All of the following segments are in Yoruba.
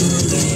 Thank you.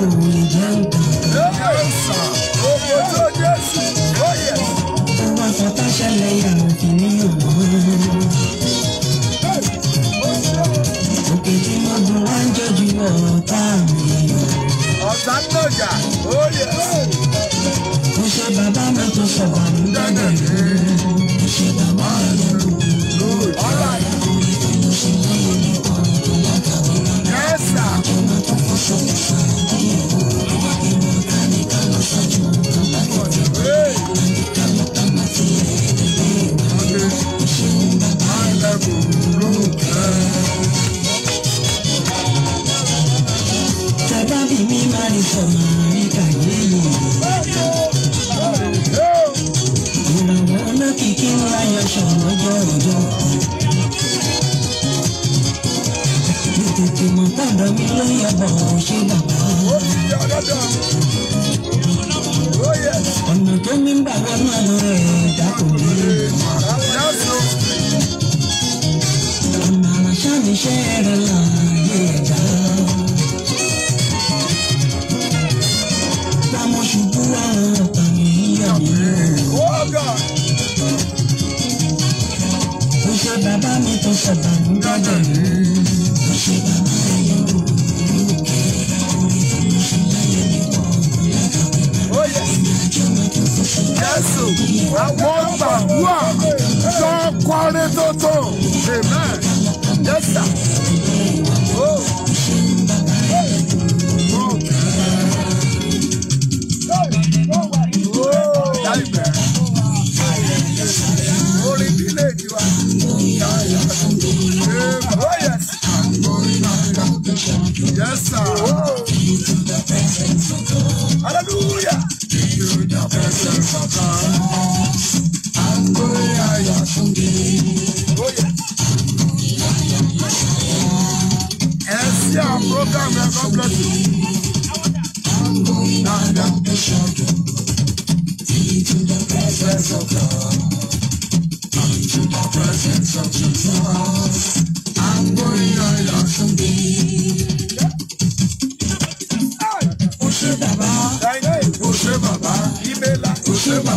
¡Gracias!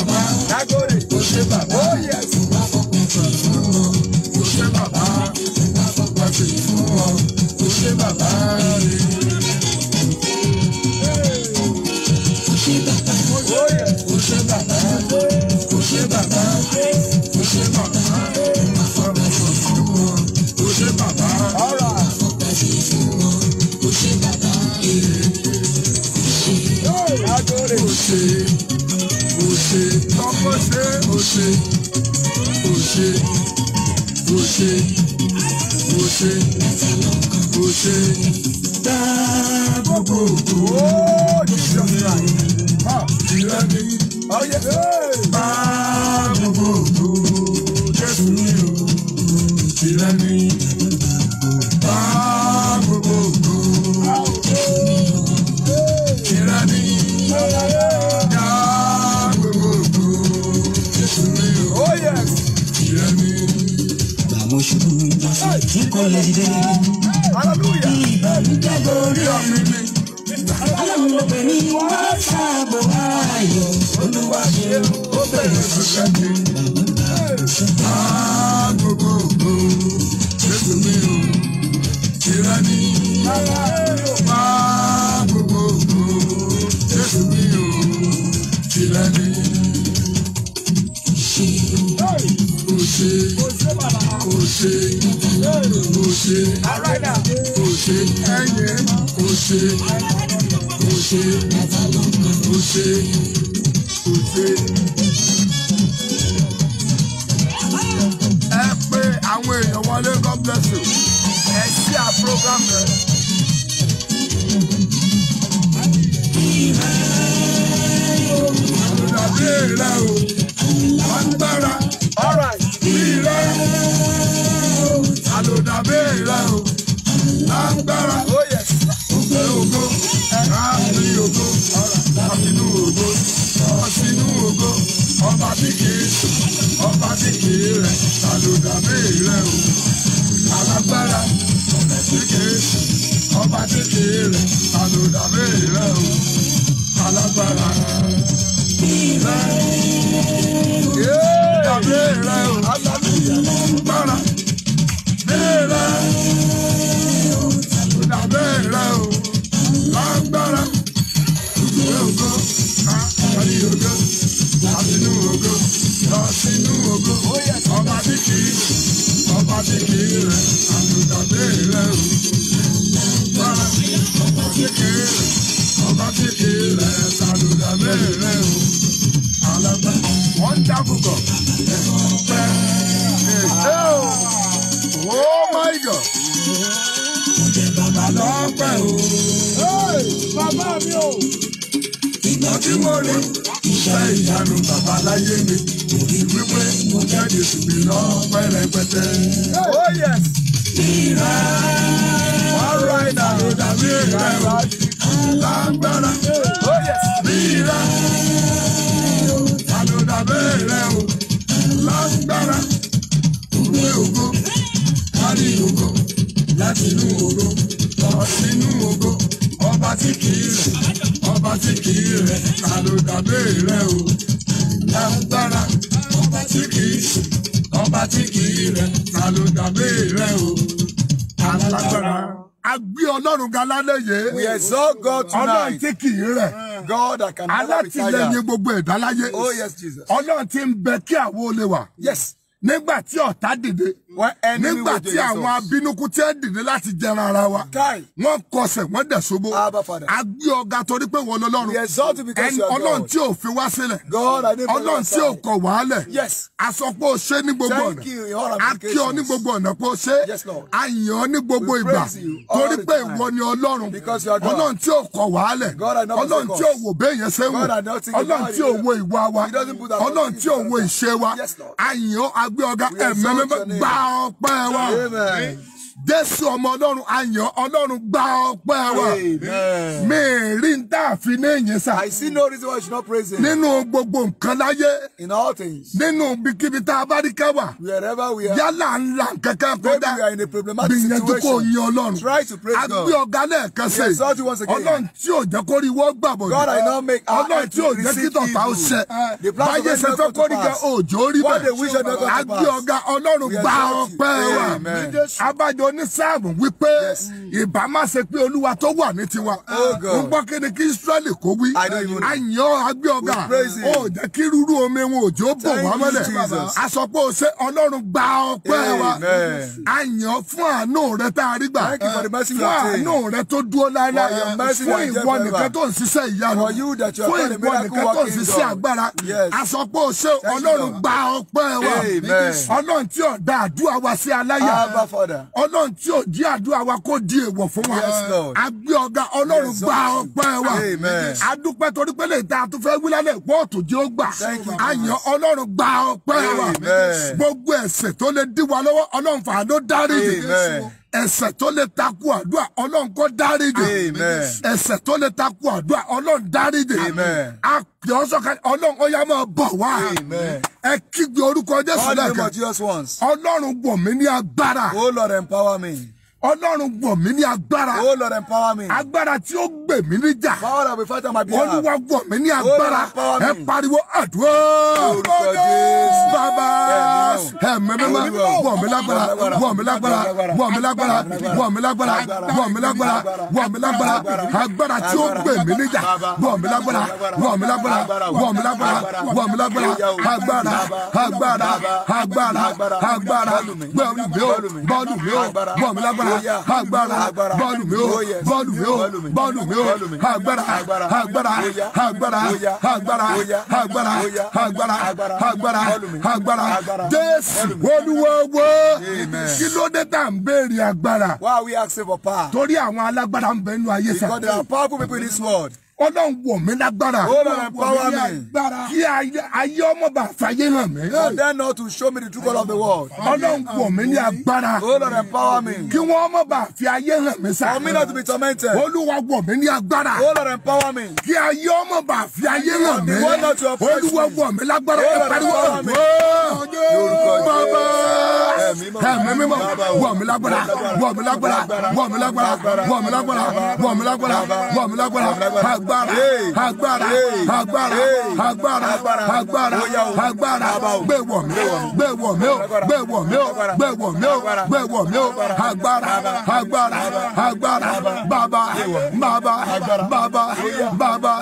bàbá o ṣé bàbá ìfúnláfọkùn ṣe ó ṣe ó ṣe ó ṣe ó ṣe dá gbogbo òkú ó jíjọ fún àyè ìrẹ́ni ọ̀yẹ́. alátìlẹ́yìn gbogbo ẹ̀dá láyé oh, ọlọ́run ti ń bẹ kí àwo lè wà. yes nígbà tí ọ̀tá dìde nígbà tí àwọn abínúkú tí wọ́n dìde láti jẹran ara wa wọ́n kọsẹ̀ wọ́n dẹ̀ ṣubú agbé ọ̀gá torí pé wọ́n lọ́lọ́run ẹni ọlọ́run tí ò fi wá sílẹ̀ ọlọ́run tí ò kọ̀ wá lẹ̀ aṣọ pé o ṣe ní gbogbo ọ̀nà a kí ọ ní gbogbo ọ̀nà pé o ṣe a yìn ọ ní gbogbo ìgbà torí pé ìwọ ni ọlọ́run ọlọ́run tí ò kọ̀ wá lẹ̀ ọlọ́run tí ò wò bẹ́ẹ̀ yẹn ṣe wò ọlọ́run tí ò wo ìwà wa ọlọ́run tí ò wo ìṣe wa a yìn ọ gbé ọ̀gá ẹ̀mẹ́mẹ́ gba ọpẹ́ wa jésù ọmọ ọlọ́run ayàn ọlọ́run gba ọpẹ́ wa mi tá a fi ní ìyẹn sá. I see no reason why you should not praise him. nínú gbogbo nǹkan láyé. in all things. nínú ibikíbi tá a bá rí káwà. wherever we are. yálà ńlá kankan kọjá. maybe we are in a problematic situation. gbìyànjú kò yan ọlọ́run. try to praise God. a gbé ọ̀gá lẹ́ẹ̀kan sí. he exalt you once again. ọlọ́run tí ò jẹ́ kó wọ́n gbàgbọ́. God I now make our ọlọ́run tí ò jẹ́ kí tọ̀tà ní sáàmù wípé ìbá má ṣe pé olúwa tó wà ní tiwa oh, ń gbọ́ kí ni kí Ísírẹ́lì kó wí àyàn agbé ọ̀gá ó jẹ́ kí rúrú omi wọn òjò bò wá mọ́lẹ̀ a ṣe ọlọ́run gba ọpẹ́ wa àyàn fún àánú rẹ tá a rí gbà fún àánú rẹ tó dúró láéláé fún ìwọ nìkan tó ń ṣiṣẹ́ ìyanu fún ìwọ nìkan tó ń ṣiṣẹ́ agbára a ṣe ọlọ́run gba ọpẹ́ wa ọlọ́run tí ó àdúrà wa sí aláyà ọlọ́run ọlọ́run tí ò jí àdúrà wa kó di èèwọ̀ fún wa agbé ọ̀gá ọlọ́run gba ọpẹ́ wa adúpẹ́ torí pé lè ta àtúnfẹ́ wílálẹ̀ pọ́ọ̀tù jẹ́ ó gbà àyàn ọlọ́run gba ọpẹ́ wa gbogbo ẹ̀ṣẹ̀ tó lè dí wa lọ́wọ́ ọlọ́run fàánú dáríjì ẹ̀ṣẹ̀ tó lè takú àdúrà Ọlọ́run kó dáríjì ẹ̀ṣẹ̀ tó lè takú àdúrà Ọlọ́run dáríjì àpè ọsọkan Ọlọ́run máa bọ̀ wá ẹ kígbe orúkọ Jésù mí ní agbára. O oh, Lord, empower me. Ọlọ́run gbọ̀ mí ní agbára. O Lord empower me. Agbára tí ó mi ni ja. Power that will Father, my behalf. Olúwa gbọ̀ mí ní agbára. Ẹ pariwo àdúrà. Olùkọ́ Jésù. Bàbá ẹ̀mí mímọ́. Gbọ̀ mí lágbára. Gbọ̀ mí lágbára. Gbọ̀ mí lágbára. Gbọ̀ mí lágbára. Gbọ̀ mí lágbára. Gbọ̀ mí lágbára. Agbára tí ó gbè mí níjà. Gbọ̀ mí lágbára. Gbọ̀ mí lágbára. Gbọ̀ mí lágbára. Gbọ̀ mí lágbára. Agbára. Agbára. Agbára. Agbára. Gbọ̀ mí lágbára agbára agbára bọ́ọ̀lù mi ó oh, bọ́ọ̀lù mi ó bọ́ọ̀lù mi ó agbára agbára agbára agbára agbára agbára agbára agbára jésù olúwowo kí ló dé tá à ń béèrè agbára torí àwọn alágbára ń bẹ nínú ayé sàkóso ọlọ́run wọ̀ mí lágbára ọlọ́run wọ̀ mí lágbára kí ayé ọmọ bá fàyè hàn mí. And then not to show me the true colour of the world. ọlọ́run wọ̀ mí ní agbára ọlọ́run empower me. kí wọ́n ọmọ bá fi ayé hàn mí sá. for me not to be tormented. olúwa wọ̀ mí ní agbára ọlọ́run empower me. kí ayé ọmọ bá fi ayé hàn mí. olúwa wọ̀ mí lágbára ẹ pariwo bàbá ẹ̀mí wọ̀ mí lágbára wọ̀ mí lágbára wọ̀ mí lágbára wọ̀ mí lágbára agbára agbára agbára agbára agbára agbára gbẹ̀wọ̀ mi gbẹ̀wọ̀ mi gbẹ̀wọ̀ mi gbẹ̀wọ̀ mi gbẹ̀wọ̀ mi agbára agbára agbára bàbá bàbá bàbá bàbá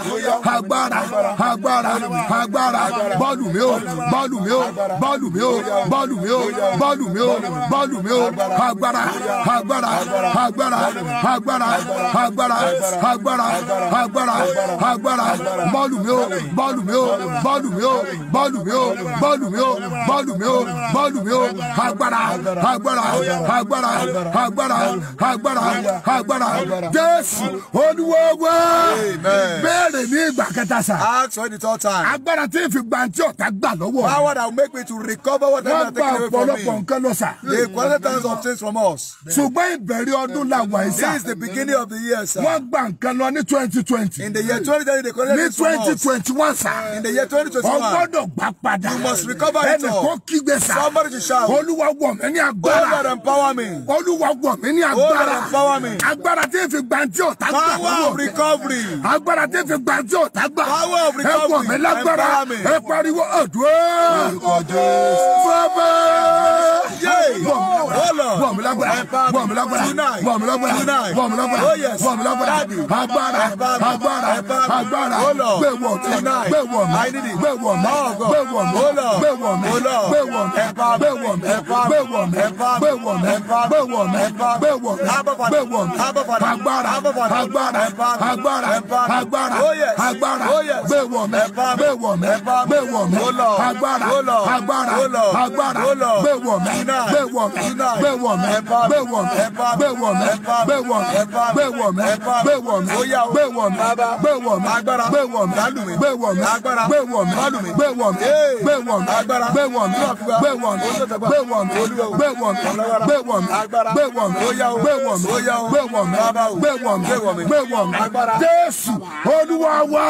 agbára agbára agbára bọ́ọ̀lù mi o bọ́ọ̀lù mi o bọ́ọ̀lù mi o bọ́ọ̀lù mi o bọ́ọ̀lù mi o bọ́ọ̀lù mi o agbára agbára agbára agbára agbára agbára agbára agbára bọ́ọ̀lù mi o bọ́ọ̀lù mi o bọ́ọ̀lù mi o bọ́ọ̀lù mi o bọ́ọ̀lù mi o bọ́ọ̀lù mi o bọ́ọ̀lù mi o agbára agbára agbára agbára agbára agbára jésù olúwọ́wọ́ béèrè ní ìgbà kẹta sà. ask for the third time. ọ̀tá gbà lọ́wọ́. power will make me to recover what I have taken away from me. wọ́n gba ọ̀pọ̀lọpọ̀ nǹkan lọ sà. ṣùgbọ́n ìbẹ̀rẹ̀ ọdún la wà sà. wọ́n gba nǹkan lọ ní twenty twenty. In the year 2021, sir. In the year 2021, sir. You must In the year 2021. Ó gbọ́dọ̀ gbà padà. You must recover it all. Ẹnì kan kígbe sá. Somebody to shout. Olúwa wọ̀ mí ní agbára. God empower me. Olúwa wọ̀ mí ní agbára. God empower me. Agbára tí èfi gbàǹtí ọ̀tá gbà. Power of recovery. Agbára tí èfi gbàǹtí ọ̀tá gbà. Power of recovery. Ẹ wọ̀ mí lágbára. Ẹ pariwo àdúrà. Bàbá. Wọ̀ mí lágbára. Wọ̀ mí lágbára. Wọ̀ mí lágbára. Wọ̀ mí lágbára. Wọ̀ mí lágbára. Oh, agbára. Agbára. agbára agbára gbé wọ̀ mí gbé wọ̀ mí gbé wọ̀ mí gbé wọ̀ mí gbé wọ̀ mí gbé wọ̀ mí gbé wọ̀ mí gbé wọ̀ mí gbé wọ̀ mí gbé wọ̀ mí gbé wọ̀ mí gbé wọ̀ mí agbára agbára agbára agbára agbára gbé wọ̀ mí gbé wọ̀ mí gbé wọ̀ mí agbára agbára agbára gbé wọ̀ mí gbé wọ̀ mí gbé wọ̀ mí gbé wọ̀ mí gbé wọ̀ mí gbé wọ̀ mí gbé wọ̀ mí gbé wọ̀ mí gbé wọ̀ mí. baba gbẹ̀wọ̀ mi agbára gbẹ̀wọ̀ mi lálùmí gbẹ̀wọ̀ mi agbára gbẹ̀wọ̀ mi lálùmí gbẹ̀wọ̀ mi gbẹ̀wọ̀ mi agbára gbẹ̀wọ̀ mi gbẹ̀wọ̀ mi gbẹ̀wọ̀ mi gbẹ̀wọ̀ mi gbẹ̀wọ̀ mi agbára gbẹ̀wọ̀ mi gbẹ̀wọ̀ mi gbẹ̀wọ̀ mi gbẹ̀wọ̀ mi gbẹ̀wọ̀ mi gbẹ̀wọ̀ mi agbára Jésù Olúwa wa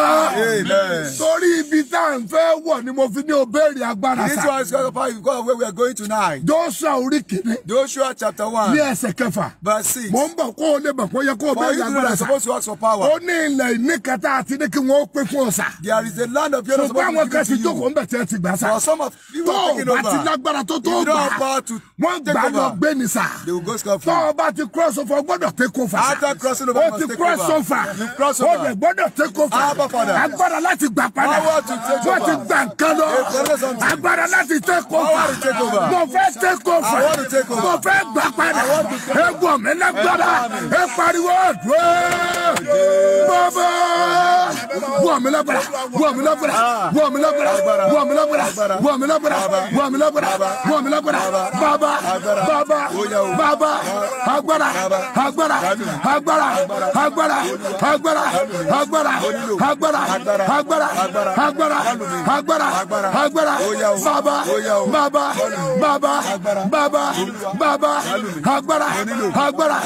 torí ibi tá à ń fẹ́ wọ̀ ni mo fi ní o béèrè agbára sa. This was the part you call where we are going tonight. Joshua orí kìíní. Joshua chapter one. Ní ẹsẹ̀ kẹfà. Verse six. Mo ń bọ̀ kó o lè bọ̀ kó yẹ kó o béèrè agbára sa. For you to know that supposed to ask for power. Ó ní ilẹ̀ ìní kẹta àti ní kí wọ́n pé fún ọ̀sà. there is a land of yellow support. ṣùgbọ́n àwọn kan ti jókòó ń bẹ̀ tí wọ́n ti gbà sá. for some of you were taking over. tó o bá ti lágbára tó tó gbà wọ́n gbà lọ gbé ni sá. they will go score for you. tó o bá ti cross over gbọ́dọ̀ take over. after crossing over you must take over. o ti cross over. you cross over. o lè gbọ́dọ̀ take over. our father. agbára láti gbà padà. power to take over. wọ́n ti gbà nǹkan lọ. agbára láti take over. power to take over. mo fẹ́ take over. I want to take over. mo fẹ́ gbà padà. I want to take over. egbò mi lágbára. ẹ pariwo dùn. bàbá wọ mi lágbára wọ mi lágbára wọ mi lágbára wọ mi lágbára wọ mi lágbára wọ mi lágbára wọ mi lágbára bàbá bàbá bàbá agbára agbára agbára agbára agbára agbára agbára agbára agbára agbára agbára bàbá bàbá bàbá bàbá bàbá agbára agbára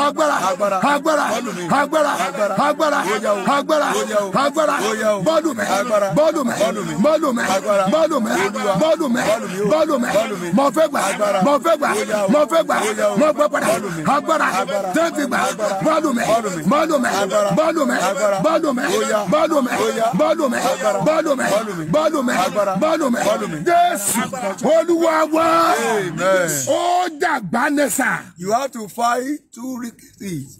agbára agbára agbára agbára agbára agbára agbára bọ́ọ̀lù mẹ́ bọ́ọ̀lù mẹ́ bọ́ọ̀lù mẹ́ bọ́ọ̀lù mẹ́ bọ́ọ̀lù mẹ́ bọ́ọ̀lù mẹ́ mo fẹ́ gbà mo fẹ́ gbà mo fẹ́ gbà mo gbọ́ padà agbára tẹ́ǹtì gbà bọ́ọ̀lù mẹ́ bọ́ọ̀lù mẹ́ bọ́ọ̀lù mẹ́ bọ́ọ̀lù mẹ́ bọ́ọ̀lù mẹ́ bọ́ọ̀lù mẹ́ bọ́ọ̀lù mẹ́ bọ́ọ̀lù mẹ́ bọ́ọ̀lù mẹ́ jésù olúwa wá ó dàgbà nẹ́sà. you have to fight two things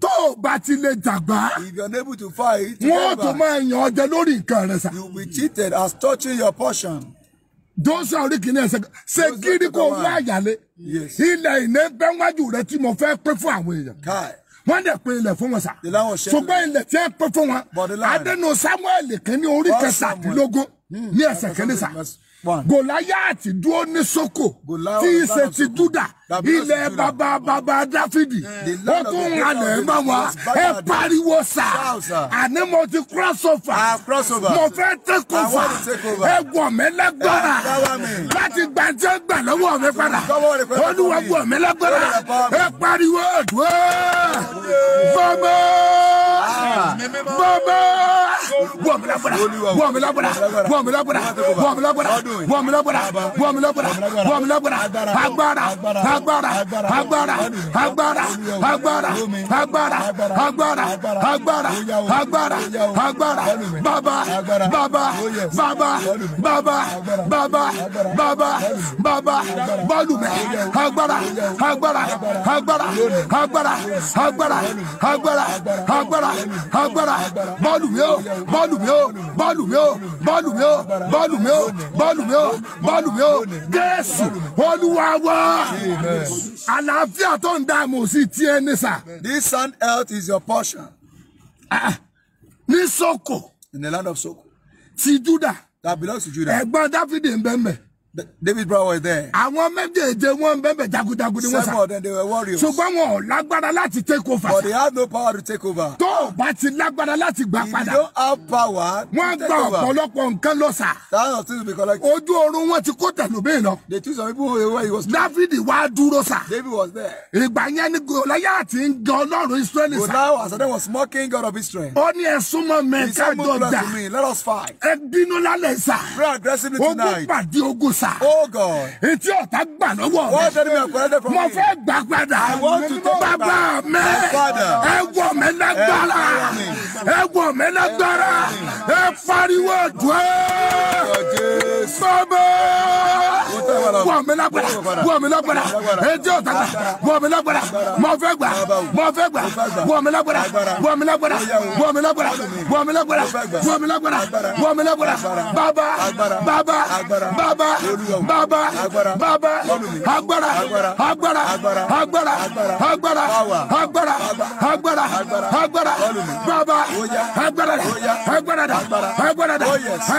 tó o bá ti lè dàgbà. if you are able to fight. wọ́n tún máa yàn ọ́ lórí nǹkan rẹ sa. you will be cheated as touching your portion. Dósà orí kìíní ẹsẹ̀ ṣe gírí kó wá àyàlé. Ilẹ̀ ìní bẹ́ wájú rẹ tí mo fẹ́ pé fún àwọn èèyàn. Wọ́n dẹ̀ pe ilẹ̀ fún wọn sà. Ṣùgbọ́n ilẹ̀ tí ẹ pé fún wọn. Adénu Samuel kìíní orí kẹsàdínlógún ní ẹsẹ̀ kìíní sà. Hmm. Gòláyà àti dúró ní Sókò tí í ṣe ti Júdà ilẹ̀ bàbá bàbá dáfídì eh, ó tún ń halẹ̀ mọ́ wa ẹ pariwo sà àní mo ti crossover ah, mo fẹ́ take over ẹ wọ̀ mí lágbára ah, láti gbàjẹ́ gbà lọ́wọ́ mi padà olúwa wọ̀ mí lágbára ẹ pariwo dùn bọ́mọ́ bàbá wọmilabara wọmilabara wọmilabara wọmilabara wọmilabara wọmilabara agbára agbára agbára agbára agbára agbára agbára agbára agbára oh, agbára bàbá bàbá bàbá bàbá bàbá bàbá bàbá bọ́lùmẹ̀ agbára agbára agbára oh, agbára agbára agbára agbára agbára bọ́lùmẹ̀ o oh, bọ́lùmẹ̀ o bọ́lùmẹ̀ o bọ́lùmẹ̀ o bọ́lùmẹ̀ o bọ́lùmẹ̀ o bọ́lùmẹ̀ o Jésù Olúwa wa àlàáfíà tó ń dààmú sí tiẹ̀ ní sà. this sound health is your portion. Ah, ah. ní soko. in the land of soko. ti juda. that belongs to juda. ẹ̀gbọ́n dáfídì ń bẹ́ẹ̀ mẹ́. David Brown was there. Àwọn méjèèjì wọn bẹ́ẹ̀ jagunjagun ni wọ́n sá. Some of them they were warriors. Ṣùgbọ́n wọn ò lágbára láti take over. But they had no power to take over. Tó o bá ti lágbára láti gbà padà. If you don't have power to take over. Wọ́n gba ọ̀pọ̀lọpọ̀ nǹkan lọ sá. Thousands of things will be collected. Ojú oorun wọn ti kó tẹ̀lómìn lọ. They took some people away where he was. David wá dúró sá. David was there. Ìgbà yẹn ni Gòláyà ti ń gan Ọlọ́run Ísírẹ́lì sá. Gòláyà Asade was mocking God of Israel. Ó ní ẹ súnmọ́ mi ká jọ dà. let us fight. Ẹ bínú lálẹ́ sá. Pray aggressively tonight. Ogun pàdé answer. Oh God. Etí ọ̀tá gbà lọ́wọ́ mi. Wọ́n tẹ́lẹ̀ mi àpẹẹrẹ fún mi. Mo fẹ́ gbà padà. I want to take back. Bàbá mi. Ẹ wọ̀ mí lágbára. Ẹ wọ̀ mí lágbára. Ẹ pariwo àdúrà. Bàbá. Wọ̀ mí lágbára. Wọ̀ mí lágbára. Etí ọ̀tá gbà. Wọ̀ mí lágbára. Mo fẹ́ gbà. Mo fẹ́ gbà. Wọ̀ mí lágbára. Wọ̀ mí lágbára. Wọ̀ mí lágbára. Wọ̀ mí lágbára. Wọ̀ mí lágbára. Wọ̀ mí lágbára. Bàbá. Bàbá. Bàbá. Baba, bàbá bàbá agbára agbára agbára agbára agbára agbára agbára bàbá agbára agbára agbára agbára agbára agbára agbára agbára agbára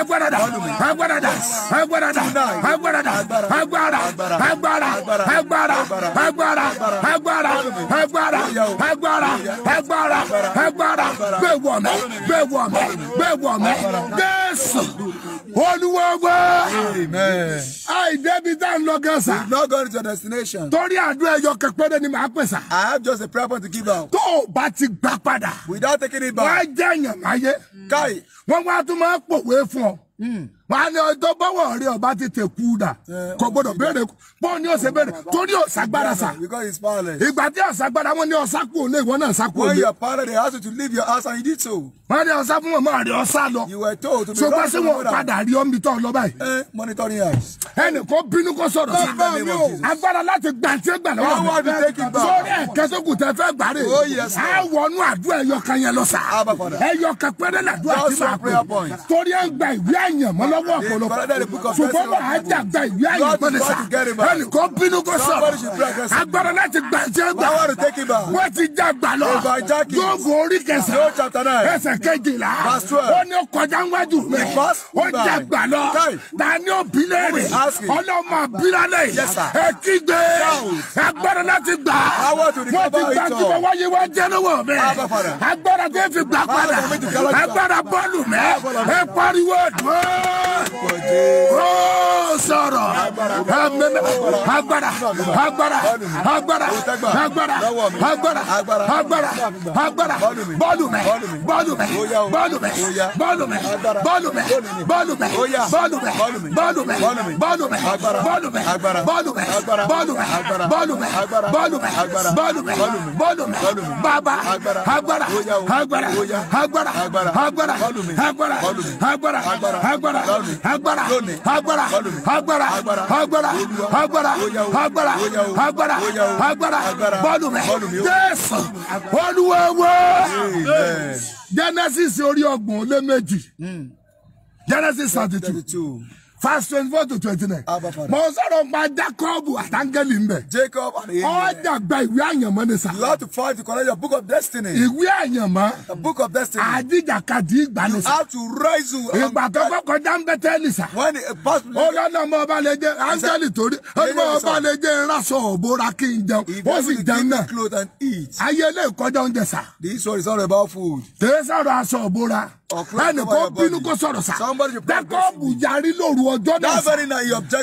agbára agbára agbára agbára agbára agbára agbára gbẹwọmẹ gbẹwọmẹ gbẹwọmẹ gbẹ jésù olúwa wá àìdẹ́bi tá a lọ gan sa. we no go reach your destination. torí àdúrà ẹyọ kẹpẹrẹ ni màá pè sa. i have just a prayer point to give out. tó o bá ti gbà padà. without taking it back. wọ́n á jẹ́ èèyàn máyé. káyì. wọ́n wá tún máa pòwe fún ọ. Hmm wọn á ní ọjọ́ bọ́wọ́ rí ọba tètè kú dà eh, kò gbọdọ̀ béèrè bọ́ọ̀ ni ọ̀sẹ̀ béèrè torí ọ̀sàgbára sà ìgbà tí ọ̀sàgbára wọn ni ọ̀sà kú òlé ìwọ náà sà kú when your father dey ask you to leave your house and you did so. wọ́n ní ọ̀sà fún mọ̀mọ́ àrí ọ̀sà lọ. you were told to be so wọ́n sí wọn padà rí ọ́n bí tọ́ ọ lọ báyìí. Eh, monitoring house. ẹnì kan bínú kó sọ̀rọ̀ agbára láti gbàǹtí gbà lọ́wọ́ mi. sórí ẹ̀kẹ́sókù tẹ fẹ́ gbàre. Oh, a wọnú àdúrà ẹyọkan yẹn lọ sà. ẹyọkan pẹ́rẹ́ làdúrà ti máa pè. torí ẹ̀ ń gba ìwé àyànmọ́ lọ́wọ́ ọ̀pọ̀lọpọ̀ ṣùgbọ́n wà á jàgbá ìwé àyẹ̀mọ́lẹ́sà ẹnìkan bínú kó sọ agbára láti gbà jẹ́ gbà wọ́n ti jàgbá lọ yóò orí kẹsàn ẹsẹ̀ kejìlá ó ní kọjá wájú rẹ̀ ó jàgbá lọ ta ni rẹ̀ ọlọ́mọ bílálẹ̀ ẹ kígbe agbára láti gbà wọ́n ti gbà tí wọ́n wáyé wá jẹ́ mẹ́ agbára tó fi gbà padà agbára bọ́ọ̀lù mẹ́ ẹ pariwo dùn sọ̀rọ̀ ẹ̀mẹ́mẹ́ agbára agbára agbára agbára agbára agbára agbára bọ́ọ̀lù mẹ́ bọ́ọ̀lù mẹ́ bọ́ọ̀lù mẹ́ bọ́ọ̀lù mẹ́ bọ́ọ̀lù mẹ́ bọ́ọ̀lù mẹ́ bọ́ọ̀lù mẹ́ bọ́ọ̀lù mẹ́ bọ́ọ̀lù mẹ́ bọ́ọ̀lù mẹ́ bọ́ọ̀lù mẹ́ bọ́ọ̀lù mẹ́ bọ́ọ̀lù mẹ́ bọ́ọ̀lù mẹ́ bọ́ọ̀lù mẹ́ bọ́ọ̀lù mẹ́ bàbá agbára agbára agbára agbára agbára agbára agbára agbára agbára agbára agbára agbára agbára agbára agbára bọ́ọ̀lù rẹ̀ jésù olúwa wá genesis orí ọgbọ̀n ó lé méjì hmm. genesis thirty two twenty four to twenty nine. Ah, ń sọ̀rọ̀ pa Jacob àtàngẹ́lì ńbẹ̀. Jacob and Amy. Ọ̀dà gba ìwé àyànmọ́ ni sà. You have to fight to collect your book of destiny. Ìwé àyànmọ́. The book of destiny. Àdìjàkadì ìgbà ni sà. You have to rise to. Ìgbà tó kọ́kọ́ dá ń bẹ́tẹ́ ni sà. When a pass. Ó lọ́nà ọmọ ọba lè jẹ áńgẹ́lì torí. Ọmọ ọba lè jẹ ìrasọ̀ òbóra kí n jẹun. Ó sì jẹun náà. Ayé lè kọjá oúnjẹ sà. This one is all about food. Tẹ̀sán rọ aṣọ òbóra ẹnì kan bínú kó sọ̀rọ̀ sa jákọ́ọ̀bù yarí lóru ọjọ́ náà sa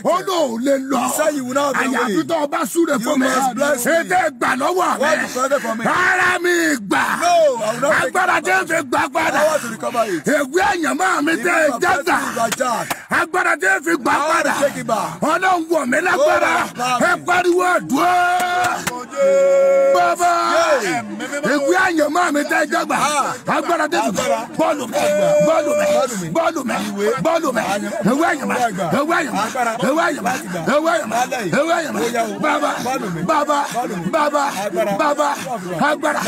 ó lò ó lè lọ àyàfi tó o bá súre fún mi ètè gbà lọ́wọ́ rẹ ara mi gbà agbára tẹ́ fi gbà padà ègbé àyàmọ́ mi tẹ́ jáda agbára tẹ́ fi gbà padà ọlọ́run wọ̀ lágbára ẹ pariwo àdúrà bàbá ègbé àyàmọ́ mi tẹ́ jáda ah. agbára tẹ́ fi gbà bọ́ọ̀lù bọ́ọ̀lù mẹ́ bọ́ọ̀lù mẹ́ bọ́ọ̀lù mẹ́ ewé ẹ̀yẹ̀mẹ́ ewé ẹ̀yẹ̀mẹ́ ewé ẹ̀yẹ̀mẹ́ ewé ẹ̀yẹ̀mẹ́ ewé ẹ̀yẹ̀mẹ́ bàbá bàbá bàbá bàbá agbára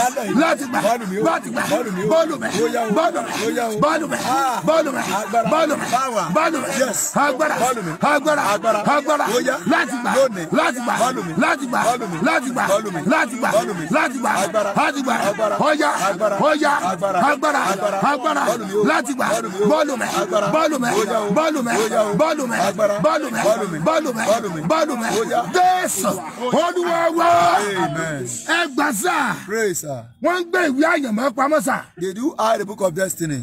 láti gbà láti gbà bọ́ọ̀lù mẹ́ bọ́ọ̀lù mẹ́ bọ́ọ̀lù mẹ́ bọ́ọ̀lù mẹ́ bọ́ọ̀lù mẹ́ bọ́ọ̀lù mẹ́ agbára agbára agbára láti gbà láti gbà láti gbà láti gbà láti gbà láti gbà láti gbà ọjà ọjà agbára agbára láti gbà bọ́ọ̀lù mẹ́ bọ́ọ̀lù mẹ́ bọ́ọ̀lù mẹ́ bọ́ọ̀lù mẹ́ bọ́ọ̀lù mẹ́ bọ́ọ̀lù mẹ́ bọ́ọ̀lù mẹ́ jésù olúwa wá ẹ wọ́n gbé ìwé àyànmọ́ pamọ́ sá. they do hide the book of destiny.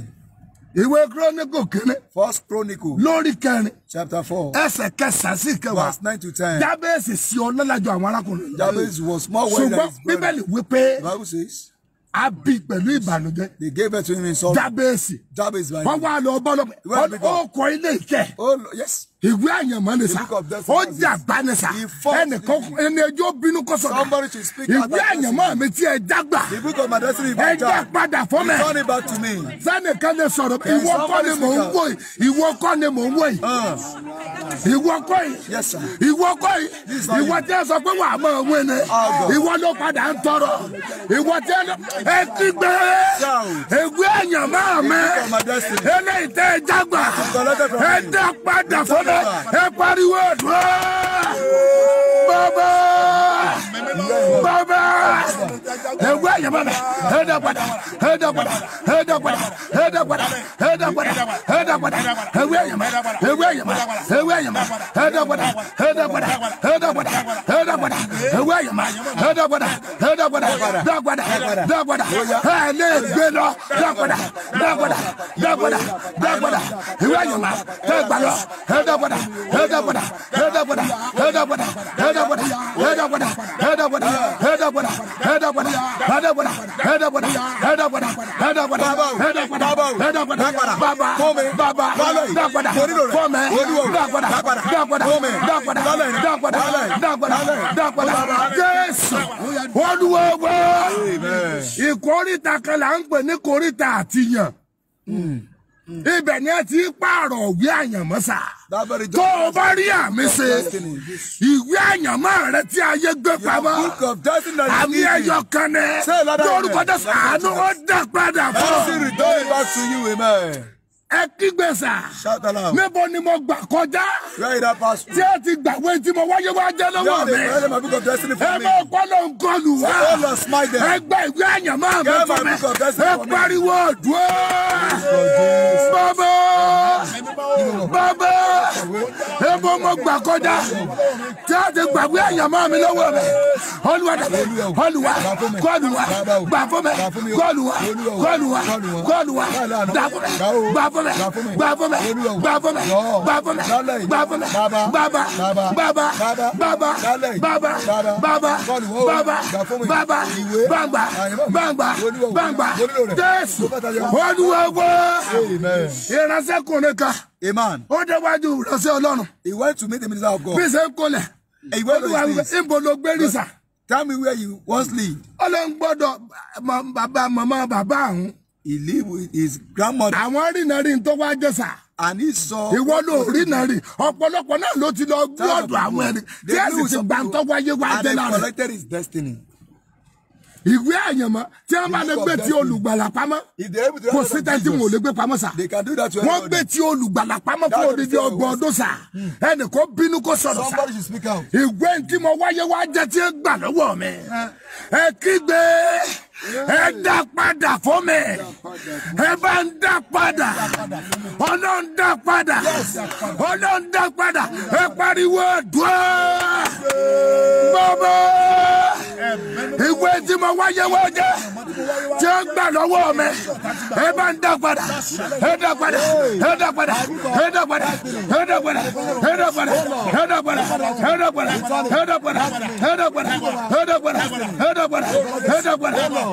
Ìwé Chronicle kìíní. First Chronicle. Lórí kẹrin. Chapter four. Ẹsẹ̀ kẹsàn-án sí kẹwàá. Verse nine to ten. Jabez sí ọlọ́lájọ àwọn arákùnrin. Jabez was more well than his brother. Ṣùgbọ́n Bíbélì wípé. The Bible says a bí pẹ̀lú ìbànújẹ́. they gave it to him in sorrow. jábẹ́sì That is my. Wọ́n wá lọ bọ́lọ́ ó kọ ilé ìtẹ́. Oh, Ìwé àyànmọ́ ni sà. Ó jà gbá ni sà. Ẹnìkan ẹni ẹjọ́ bínú kọ́sọ̀ náà. Ìwé àyànmọ́ mi ti ẹ jágbà. Ẹ já padà fún mi. Sẹ́nìkan lè sọ̀rọ̀ ìwọ kọ́ ni mò ń wò yìí. Ìwọ kọ́ ni mò ń wò yìí. Uh. Ìwọ kọ́ yìí. Ìwọ kọ́ yìí. Ìwọ tẹ́ sọ pé wà á máa wé ni. Ìwọ ló padà ń tọrọ. Ìwọ tẹ́ ẹ kígbe. Ìwé àyànmọ́ mi eléyìí tẹ́ ẹ jágbà ẹ dá padà fọlọ́ ẹ pariwo dùn bàbá bàbá ewu ẹ̀yẹ bàbá ẹ dá padà ẹ dá padà ẹ dá padà ẹ dá padà ẹ dá padà ẹ dá padà ewu ẹ̀yẹ bàbá ewu ẹ̀yẹ bàbá ewu ẹ̀yẹ bàbá ẹ dá padà ẹ dá padà ẹ dá padà ẹ dá padà ewu ẹ̀yẹ bàbá ẹ dá padà ẹ dá padà dá padà dá padà ẹ lé gbé lọ dá padà dá padà dẹ́gbọ̀dà dẹ́gbọ̀dà ìwé àyànmá dẹ́gbàlọ́ ẹ̀ẹ́dẹ́gbọ̀dà ẹ̀ẹ́dẹ́gbọ̀dà ẹ̀ẹ́dẹ́gbọ̀dà ẹ̀ẹ́dẹ́gbọ̀dà ẹ̀ẹ́dẹ́gbọ̀dà ẹ̀ẹ́dẹ́gbọ̀dà ẹ̀ẹ́dẹ́gbọ̀dà ẹ̀ẹ́dẹ́gbọ̀dà ẹ̀ẹ́dẹ́gbọ̀dà ẹ̀ẹ́dẹ́gbọ̀dà ẹ̀ẹ́dẹ́gbọ̀dà ẹ̀ẹ́dẹ́gbọ̀dà ẹ̀ẹ́dẹ́gbọ̀dà ẹ̀ẹ́dẹ́gbọ̀dà ẹ̀ẹ́dẹ́gbọ̀dà bàbá bàbá dàgbọ̀dà fọ́mẹ́ dàgbọ̀dà dàgbọ̀dà dàgbọ̀dà dàgbọ̀dà dàgbọ̀dà dàgbọ̀dà jésù olúwo wọ ìkórìtà kan là ń pè ní kórìtà àtìyàn. Hmm. ibẹ̀ ni a ti pààrọ̀ ìwé àyànmọ́ sà tó o bá rí àmì ṣe ìwé àyànmọ́ rẹ tí ayé gbé pamọ́ àmì ẹyọ kan ní lórúkọ dẹ́sẹ̀ àánú ó dá padà fún ọ ẹ Shout aloud. níbo ni mo gbà kọjá. tí ẹ ti gbàgbé tí mo wáyé wá jẹ́ lọ́wọ́ mi. ẹ bá ọpọlọ nkọlù wá. ẹ gba ìwé àyànmọ́ mi fún mi. ẹ pariwo dùn. bàbá bàbá ebo mo gbà kọjá tí ẹ ti gbàgbé àyànmọ́ mi lọ́wọ́ mi. olúwa dàbí kọlùwà gbà fún mi kọlùwà kọlùwà kọlùwà gbà fún mi fún mi gbà fún mi gbà fún mi gbà fún mi gbà fún mi bàbá Baba, Baba, Baba, Baba, Baba, Baba, Baba, bàbá bàbá bàbá jésù olúwa wọ ìránṣẹ́ kùnrin kan ó déwájú ìránṣẹ́ ọlọ́run. he went to meet the minister of God. bí ṣe ń kọlẹ̀ olúwa ìbò ló gbé rìsà. tell me where you once live. ọlọ́run gbọ́dọ̀ bàbá màmá bàbá àwọn. He live with his grandmother. Àwọn rìnàrìn tó wá jẹ sà. And he saw. Ìwọ ló rìnàrìn. Ọ̀pọ̀lọpọ̀ náà ló ti lọ gbé ọ̀dọ̀ àwọn ẹni. Tí ẹ̀sìn ti gbà ń tọ́gbà yé wá jẹ́ lára. And he collected his destiny. Ìwé àyànmọ́ tí wọ́n bá lè gbé ti olùgbàlà pamọ́. Kò sí tẹ́tí wọn ò lè gbé pamọ́ sà. Wọ́n gbé ti olùgbàlà pamọ́ fún odidi ọgbọ̀n ọdún sà. Hmm. Ẹnì kò bínú kó sọ̀rọ̀ sà. Ìwé ntí mo wáyé wá jẹ́ tí ń gbà lọ́wọ́ mi. Ẹ kígbe ẹ dá padà fún mi ẹ bá ń dá padà ọlọ́run dá padà ọlọ́run dá padà ẹ pariwo àdúrà bàbá ìwé tí mo wáyé wá jẹ tí ó gbà lọ́wọ́ mi ẹ bá ń dá padà ẹ dá padà ẹ dá padà ẹ dá padà ẹ dá padà ẹ dá padà ẹ dá padà ẹ dá padà ẹ dá padà ẹ dá padà ẹ dá padà ẹ dá padà ẹ dá padà.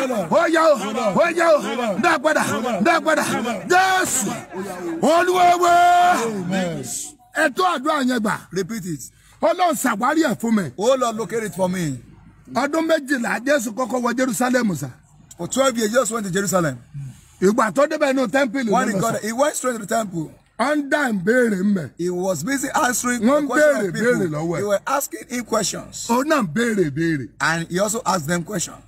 ó yá o ó yá o dá padà dá padà jésù olúwewe ẹ̀tọ́ àdúrà yẹn gbà. repeat it. ọlọ́run ṣàwárí ẹ̀ fún mi. ó lọ locate it for me. ọdún méjìlá jésù kọ́kọ́ wọ jerusalem sá. for twelve years jesus went to jerusalem. ìgbà tó débẹ̀ inú tẹ́ḿpìlì. one in God he went straight to the temple under ìbéèrè mbẹ. he was busy answering One the question of people. wọ́n béèrè béèrè lọ́wọ́ ẹ̀. they were asking him questions. òun náà béèrè béèrè. and he also asked them questions